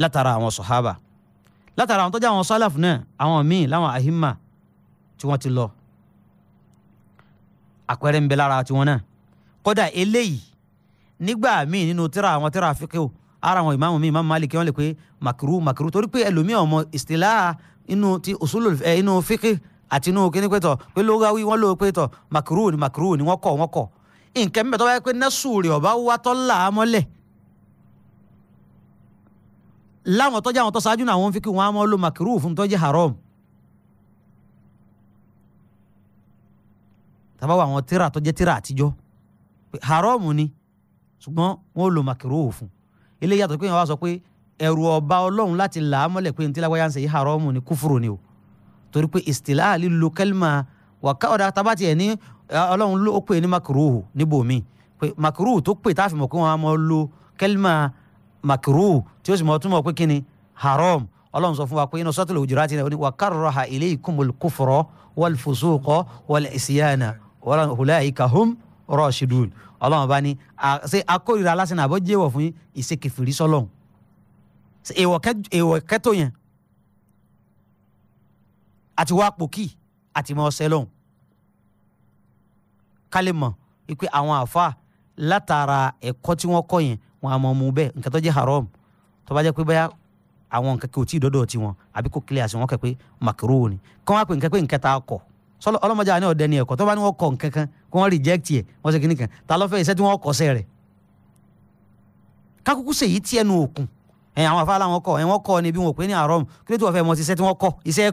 Speaker 1: látara àwọn sọ̀hábà látara àwọn tó jẹ́ àwọn sálàfù náà àwọn míì láwọn àhímà tí wọ́n ti lọ àpẹẹrẹ ń bẹ lára tiwọn náà kódà eléyìí nígbà míì nínú tíra àwọn tíra fíkẹ́wò ara àwọn ìmáàmù mi ìmáàmù Málíkì wọn lè pé màkìrú màkìrú torí pé ẹlòmíì ọmọ ìsìtìlá inú ti òṣùlù ẹ eh, inú fíkì àti inú kíní pétọ̀ pé ló wáwí wọ́n ló pétọ̀ màkúrú ni makuru ni wọ́n kọ̀ wọ́n kọ̀ nǹkan mímẹ́ tó bá yẹ pé nẹ́sù rẹ̀ ọ̀bá wá tọ́ là á mọ́lẹ̀ láwọn tọ́jà àwọn tó ṣáájú náà wọ́n fi kí wọ́n á mọ́ lo màkúrú fún tó jẹ́ haram tàbá wà àwọn tíra tó tíra àtijọ́ haram ni ṣùgbọ́n wọ́n lo màkúrú fún ilé pé wọ́n wá sọ pé ẹ̀rù ọba ọlọ́run láti là á mọ́lẹ̀ pé ní lágbáyà ń ṣe yí haram ni kúfúrò ni o torí pé ìsìtìlá lílo kẹlímà wà ká ọ̀dà tá a bá tiẹ̀ ní ọlọ́run ló pè ní makiruhu níbòmí pé makiruhu tó pè tá a fi mọ̀ pé wọ́n á mọ̀ lo kẹlímà makiruhu tí ó sì mọ̀ túmọ̀ pé kíni haram ọlọ́run sọ fún wa pé inú sọ́tò òjòrò àti ní wà karraha ilaykumul kufra wal fusuqa wal isyana wal ulaika hum rashidun ọlọ́run bá ní ṣe akórira lásìkò àbọ̀jẹ́wọ̀ fún ìṣe kẹfìrí sọlọ́run yẹn àti wá pòkì àti mọ ọsẹ lọhùn ká lè mọ̀ àwọn àfa látara ẹ̀kọ́ tí wọ́n yẹn wọn a mú bẹ́ẹ̀ nǹkan tó jẹ́ haram tó bá pé báyà àwọn nǹkan kí o tí ì tiwọn àbí kò àti wọn pé màkìrò ni kí kọ̀ sọlọ ọlọmọdé ọdẹ ni ẹ̀kọ́ tó bá ní kọ̀ nǹkan kan kí wọ́n reject yẹ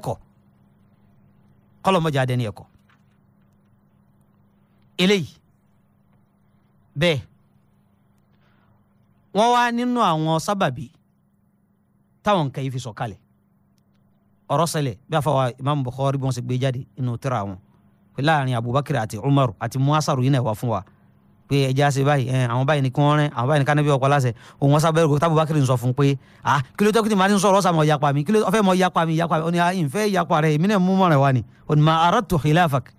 Speaker 1: kan kọlọmọjà dẹni ẹ̀kọ́ eléyìí bẹ́ẹ̀ wọ́n wá nínú àwọn sábàbí táwọn nǹkan yìí fi sọ̀kalẹ̀ ọ̀rọ̀ ṣẹlẹ̀ bí afọwọ́ imam bukhari bí wọ́n ṣe gbé jáde inú tírà wọn láàrin abubakar àti umaru àti muhasaru yìí náà wà fún wa pé ẹjẹ àṣẹ báyìí ẹ àwọn báyìí ni kí wọn rìn àwọn báyìí ni kánábí ọkọ aláṣẹ òun wọn sábẹ rògbò tábùbákiri ń sọ fún un pé à kí ló tẹkùtì máa ti sọ ọ̀rọ̀ sàmọ ìyapa mi kí ló ọfẹ mọ ìyapa mi ìyapa mi ó ní ìfẹ́ ìyapa rẹ èmi náà mú mọrẹ wa ni ó ní ma aradtu khilafak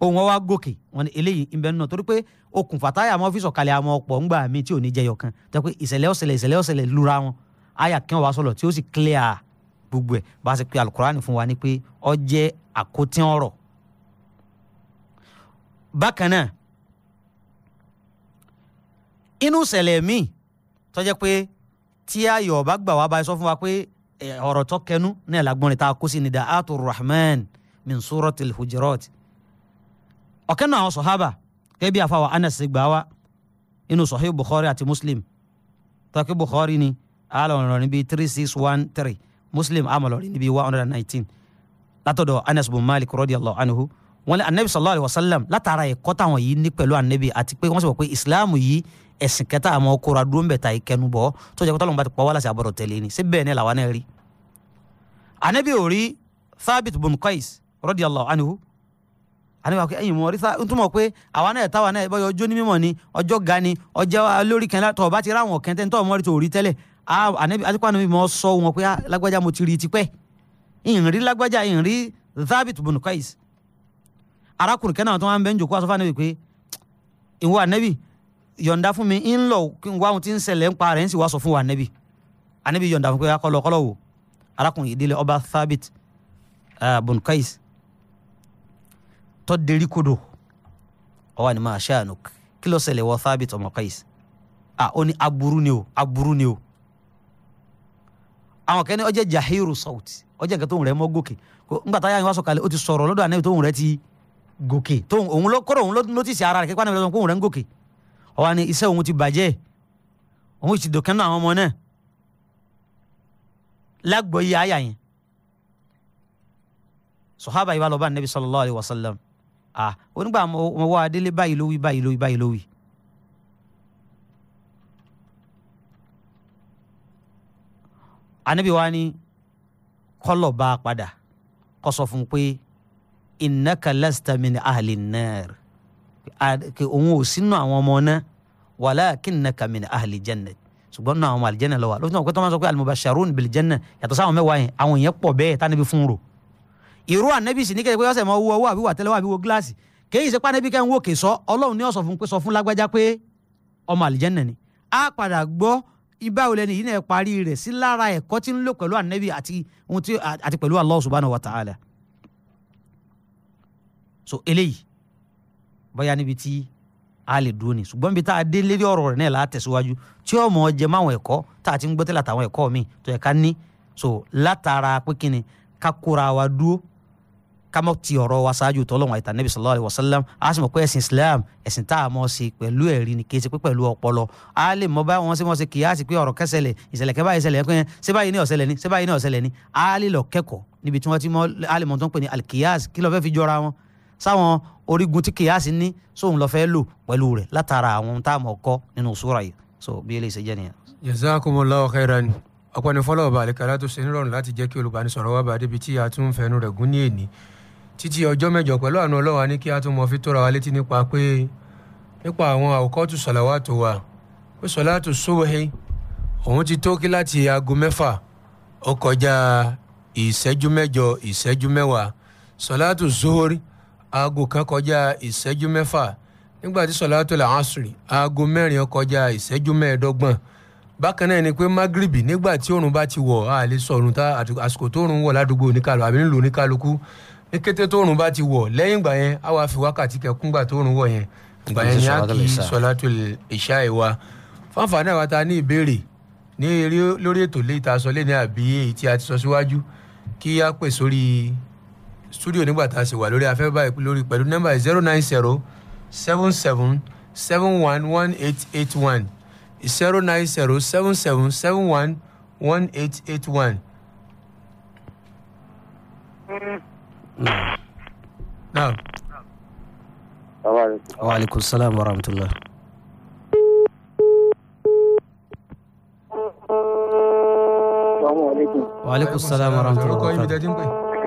Speaker 1: òun wa gòkè wọn ni eléyìí ìbẹ nínú torí pé okùn fàtáyà mọ fi sọ̀kalẹ̀ àmọ ọ̀pọ̀ ńgbà mi tí ò ní jẹyọ kan lura wọn àyà kí wọn clear gbogbo ẹ bá a ṣe pé alukurani fún wa ni bákan náà inú ṣẹlẹ̀ míì tó jẹ́ pé tí ayọ̀ ọba gbà wá bá sọ fún wa pé ọ̀rọ̀ tó kẹnu náà lágbọ́nrin tá a kó sí ni da'atu rahman min suratil hujurat ọ̀kẹ́ náà àwọn sọ̀hábà gẹ́gẹ́ bí àfàwọ̀ anas gbà wá inú sahih bukhari àti muslim tọ́kí bukhari ni alọ̀rìn bíi three six one three muslim amọ̀lọ̀rìn bíi one hundred and nineteen látọ̀dọ̀ anas bin malik radiyallahu anhu wọ́n lé anabi sallallahu alayhi wa sallam látara ẹ̀kọ́ táwọn yìí ní pẹ̀lú anabi àti pé wọ́n sọ pé islam yìí ẹ̀sìn kẹta àmọ́ kóra dúró ń bẹ̀ ta ìkẹnu bọ̀ tó jẹ́ kó tọ́lọ́mù bá ti pa wá láti àbọ̀rọ̀ tẹ̀lé ni síbẹ̀ ní làwa náà rí. anabi ò rí Thabit bun Qais radiyallahu anhu anabi wa ẹyin mọ̀ rí sa n túmọ̀ pé àwa náà táwa náà bọ́yọ̀ ọjọ́ ní mímọ̀ ni ọjọ́ ga ni ọjọ́ lórí kan tó bá ti ráwọn kẹ́ńtẹ́ tó mọ́rí tó rí tẹ́lẹ̀ anabi àti pàánù mi mọ̀ sọ wọn pé lágbájá mo ti rí tipẹ́ ìrìn lágbájá ìrìn Thabit bun Qais arákùnrin kẹ́nà yọ̀ǹda fún mi ń lọ wá ohun ń ṣẹlẹ̀ ń pa rẹ̀ ń sì wá sọ fún wa nẹ́bi anẹ́bi fún pé akọlọ ọkọlọ wò arákùnrin ìdílé ọba Thabit eh, bun Qais kodo ọwọ́ ni máa ṣàánú kí ló Thabit ọmọ kais à ó ní aburú ni o aburú ni o àwọn kẹ́ni jahiru nǹkan rẹ̀ mọ́ gòkè táyà yín wá sọ̀kalẹ̀ ó ti sọ̀rọ̀ lọ́dọ̀ anẹ́bi tó rẹ̀ ti gòkè òun kọ́rọ̀ ọwọ́ ni iṣẹ́ òun ti bàjẹ́ òun ti dòkan náà àwọn ọmọ náà lágbóyè àyà yẹn sọ̀hábà yìí wà lọ́ba nẹ́bí sallallahu alaihi wasallam ah onígbà mo wá adélé báyìí ló wí báyìí ló wí báyìí ló wí. anabi wa ni kọlọ bá a padà innaka lasta min ahli nnar òun ò sínú àwọn ọmọ náà walakinnaka min ahli janna ṣùgbọ́n náà àwọn alìjẹ́nà lọ́wọ́ lọ́wọ́ pé tó máa sọ pé al-mubashsharun bil-janna yàtọ̀ sáwọn mẹ́wàá yẹn àwọn èèyàn pọ̀ bẹ́ẹ̀ tánibí fún un ìró ànẹ́bí sì ní kẹ́kẹ́ pé ọ̀sẹ̀ mọ́ owó owó àbíwà tẹ́lẹ̀ wà àbíwò gíláàsì kéyìí ṣe pánẹ́bí kẹ́ ń wò kè ọlọ́run ní bóyá níbi tí a lè dúró ni ṣùgbọ́n ibi tá a dé lérí ọ̀rọ̀ rẹ̀ náà là á tẹ̀síwájú tí ọmọ máwọn ẹ̀kọ́ tá a ti ń gbọ́ tẹ́lẹ̀ ẹ̀kọ́ mi tó yẹ ká ní so látara pé kíni ká kóra wa dúró ká mọ̀ ti ọ̀rọ̀ wa ṣáájú tọ́lọ́wọ̀n àìtàn Nabi sallallahu alaihi wasallam a sì mọ̀ pé ẹ̀sìn Islam ẹ̀sìn tá a mọ̀ sí pẹ̀lú ẹ̀rí ni kì í ṣe pé pẹ̀lú ọpọlọ a lè mọ báwọn ṣe mọ̀ sí kì í á sì pé ọ̀rọ̀ kẹsẹ̀lẹ̀ ìṣẹ̀lẹ̀ kẹ́ báyìí ṣẹlẹ̀ pín ṣé báyìí ní ọ̀ṣẹ̀lẹ̀ ni ṣé báyìí ní ọ̀ṣẹ̀lẹ̀ ni a lè lọ kẹ́kọ̀ọ́ níbi tí wọ́n ti mọ̀ a lè mọ̀ tó ń pè ní alkiyas kí ló fẹ́ fi jọra wọn sáwọn orígun tí kìyàsí ní sóun lọ fẹ́ lò pẹ̀lú rẹ̀ látara àwọn tá a mọ̀ kọ́ nínú sura yìí so bí eléyìí ṣe jẹ́ nìyẹn.
Speaker 2: jazakumullahu khairan ọ̀pọ̀ni fọlọ́ọ̀bà àlekàlá tó ṣe nírọ̀rùn láti jẹ́ kí olùbánisọ̀rọ̀ wà bá débi tí a tún fẹnu rẹ̀ gún ní èní títí ọjọ́ mẹ́jọ pẹ̀lú àánú ọlọ́wà wa létí nípa pé nípa àwọn àwòkọ́tù sọ̀làwàtò wa pé sọ̀làtò sóbòhe òun ìṣẹ́jú mẹ́jọ ìṣẹ́jú mẹ́wàá sọ̀làtò sóhórí aago kan kọjá ìṣẹ́jú mẹ́fà nígbà tí sọ̀látùl àásùrì aago mẹ́rin kọjá ìṣẹ́jú mẹ́ẹ̀ẹ́dọ́gbọ̀n bákan náà ni pé magribi nígbà tí òòrùn bá ti wọ̀ a lè sọ̀rùn tá àsìkò tó òòrùn wọ̀ ládùúgbò oníkàlùkù àbí nílùú oníkàlùkù ní kété tó òòrùn bá ti wọ̀ lẹ́yìn ìgbà yẹn a wá fi wákàtí kẹkúngbà tó òòrùn wọ̀ yẹn ìgbà yẹn ni a kì í sọ̀látùl ìṣá ìwà fáfáná àwa ta ní ìbéèrè ní lórí ètò ilé ìtasọ̀lé ní àbí èyí tí a ti sọ síwájú kí a pè sórí studio nígbà tá a ṣe wà lórí afẹ́fẹ́ báyìí lórí pẹ̀lú nọ́mbà zero nine zero seven seven seven one one eight eight one zero nine zero seven seven seven one one eight eight one. naam. wa aleykum salaam wa rahmatulah. wa aleykum salaam wa rahmatulah.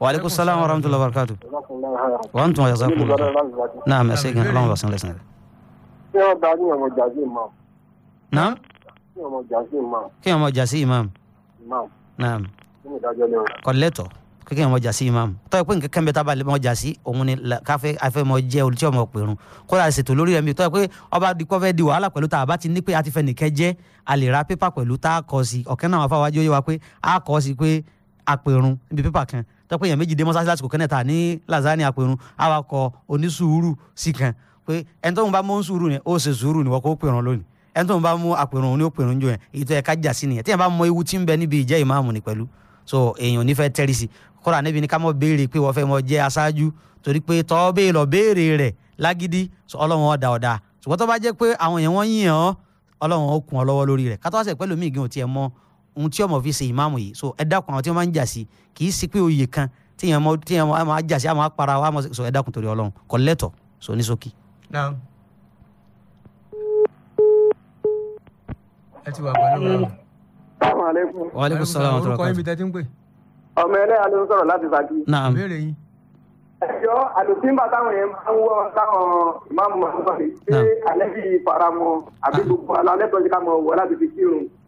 Speaker 1: waaleykum salaam wa rahmatulah barakatu.
Speaker 2: wa n tun wasa kun la. naa mɛ segin
Speaker 1: ala ma sanga sanga. naam. kéèyàn ma jasi imam. naam. kɔlɛtɔ kéèyàn ma jasi imam. tɔyɛ ko nka kan bɛ taa b'ale ma jasi òun ni káfɛ afɛ ma jɛ olu tí o ma pèrún kódà ṣètò lórí rẹ mi tɔyɛ ko ọba dikɔfɛ di wàhálà pẹ̀lú ta a bá ti ní pé a ti fẹ́ nìkẹ́ jẹ́ a lè ra pépà pẹ̀lú tá a kọ sí ọ̀kẹ́ náà wà fún wa jẹ́ wa pé a kọ sí pé apẹ̀rùn níbi pépà kan tọ́pẹ́ èèyàn méjì dé mọ́sáàsì lásìkò kan ta ní lazani apẹ̀rùn awakọ̀ onísùúrù sí kan pé ẹni tó ń bá mú sùúrù ni ó ṣe sùúrù ni wọ́n kó pẹ̀rùn lónìí ẹni tó ń bá mú apẹ̀rùn ní òpẹ̀rùn jọ yẹn èyí tó yẹ ká jà sí nìyẹn téèyàn bá mọ ewu tí ń bẹ níbi ìjẹ́ ìmáàmù ni pẹ̀lú so èèyàn nífẹ̀ẹ́ tẹ́rí sí kọ́ra níbi ni ká mọ̀ béèrè pé wọ́n fẹ́ mọ jẹ́ aṣáájú torí pé tọ́ bẹ́ẹ̀ lọ béèrè rẹ̀ lágídí ọlọ́run ọ̀dà ọ̀dà ṣùgbọ́n tó bá jẹ́ pé àwọn èèyàn wọ́n yìn ọ́ ọlọ́run ó kún ọ lọ́wọ́ lórí rẹ̀ ká tó wá sẹ̀ pẹ́ lómi ìgbìyànjú tiẹ̀ mọ́ ohun tí ọmọ fi ṣe ìmáàmù yìí so ẹ dákun àwọn tí wọn máa ń jà sí kì í sí pé oyè kan tíyẹn mọ tíyẹn mọ àmọ àjà sí àmọ àpara wa àmọ so ẹ dákun torí Ọlọ́run kò lẹ́tọ̀ so ní ṣókí.
Speaker 2: ẹ ti wà pẹ̀lú ọ̀rọ̀. salaamaleykum. waaleykum salaam wa rahmatulah. orúkọ ibi tẹ́tí ń pè. ọmọ ẹlẹ́yà ló ń sọ̀rọ̀ láti Ṣakí. naam béèrè yín. ẹ̀yọ́ àdùsínbà táwọn yẹn máa ń wọ́ táwọn ìmáàmù máa ń sọ̀rọ̀ ṣé alẹ́ bíi faramọ́ àbí gbogbo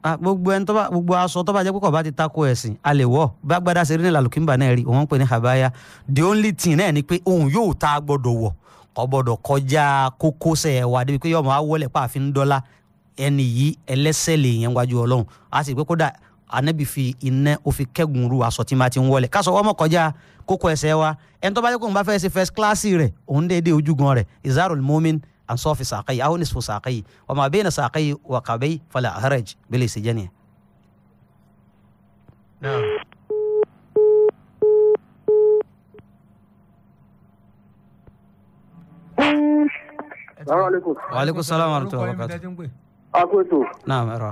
Speaker 1: Ah, gbogbo ẹni tó bá gbogbo aṣọ tó bá jẹ́ pé kò bá ti tako ẹ̀sìn a lè bá gbádá ṣe rí ní làlùkìmbà náà rí òun pè ní habaya the only thing náà ni pé òun yóò ta gbọ́dọ̀ wọ̀ kò gbọ́dọ̀ kọjá kókósẹ̀ wa débi pé yọmọ awọlẹ̀ pààfin dọ́là ẹni yìí ẹlẹ́sẹ̀ lè yẹn wájú ọlọ́run a sì pé kódà anabi fi iná ó fi kẹ́gun ru aṣọ tí ma ti ń wọlé ká sọ wọ́n kọjá kókó ẹsẹ̀ wa ẹni tó bá yẹ bá fẹ́ ṣe first class rẹ̀ òun déédéé ojúgan rẹ̀ izarul mumin عن صوف ساقيه أو نصف ساقيه وما بين ساقيه وقبيه فلا هرج بليس جنيه
Speaker 2: نعم Assalamu alaikum. Wa alaikum salam wa rahmatullahi wa barakatuh. Akweto. Naam, ẹ̀rọ.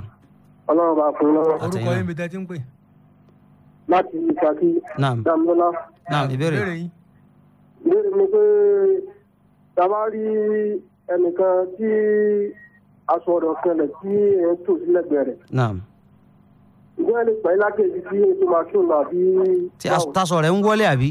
Speaker 2: Ọlọ́run bá fún lọ́wọ́. Orúkọ yín mi dájú ń pè. Láti Ìsàkí. Naam. Dàmúlọ́lá. Naam, ìbéèrè. Ìbéèrè yín. Ìbéèrè mi pé tàbá rí ẹnìkan tí aṣọ ọ̀dọ̀ kanlẹ̀ tí ẹ tò sílẹ̀ bẹ̀rẹ̀.
Speaker 1: ǹjẹ́
Speaker 2: ẹni pẹ̀lú lákèjì tí ètò máa ṣùn lọ àbí.
Speaker 1: tí aṣọ rẹ̀ ń wọlé àbí.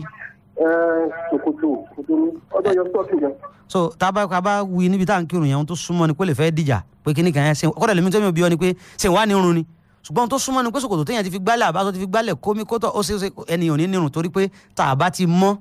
Speaker 1: ṣòkòtò ṣòkòtò mi ọjọ́ yẹn tọ́kì yẹn. so tábà kaba wi níbi tá à ń kírun yẹn tó súnmọ́ ni kó lè fẹ́ dìjà pé kíní kan yẹn ṣe kọ́dà lèmi tó mi ò bí ọ ni pé ṣe wà ní irun ni ṣùgbọ́n tó súnmọ́ ni pé ṣòkòtò téèyàn ti fi gbálẹ̀ àbáṣọ ti fi gbálẹ̀ kómi kótó ó ṣe é ṣe ẹnìyàn ò ní nírun torí pé tá a bá ti mọ́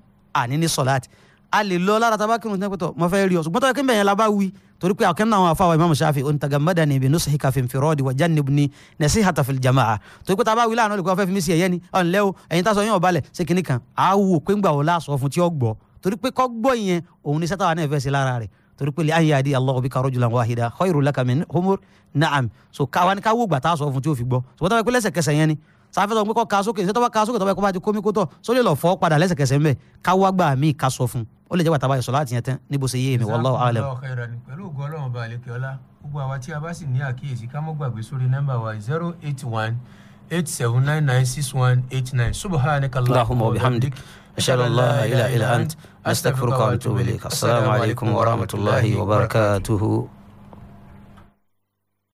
Speaker 1: àní ní sọ̀láàtì a lè lọ lára tabaki mu tẹ́pẹ́tọ̀ mo fẹ́ rí ọ ṣùgbọ́n tọ́jú kí n bẹ̀yẹn la bá wí torí pé àkẹ́ńdà àwọn afáwà imam shafi ontagamada ni ibinu sahika fi nfirọ́ọ̀dì wà jáde níbi ní nẹ̀sí hatafil jamaa torí pé tábà wí láàánú olùkọ́ fẹ́ fi mí sí ẹ̀yẹ́ ni ọ̀nlẹ́ o ẹ̀yin tá a sọ yín ọ̀balẹ̀ ṣé kinní kan á wò pé ńgbà wò láàsọ fún tí ó gbọ́ torí pé kọ́ gbọ́ yẹn òun ni sẹ́tàwá náà fẹ́ sí lára rẹ̀ torí pé ayé adi Allahu bika rajulan wahida khairu laka humur na'am so káwa ni ká wò gbà tá a sọ fún tí ó fi gbọ́ ṣùgbọ́n tábà pé lẹ́sẹ̀kẹsẹ̀ yẹn ni sáfẹ́ sọ pé kọ́ ka sókè ṣé tọ́ bá ka sókè tọ́ bá yẹ bá ti kómi kó tọ̀ sólè lọ fọ́ padà lẹ́sẹ̀kẹsẹ̀ ń bẹ̀ káwá gbà míì ká fún ó lè jẹ́ wàtá báyìí sọ láti yẹn tán níbo ṣe yé èmi wallahu a'lam.
Speaker 2: pẹ̀lú ògùn ọlọ́run bá àlekè ọlá gbogbo àwa tí a bá sì ní àkíyèsí ká mọ́ gbàgbé sórí nọ́mbà wa zero eight one eight seven nine nine six one eight nine subhanaka allahumma wa bihamdik ashhadu an la wa rahmatullahi wa barakatuhu.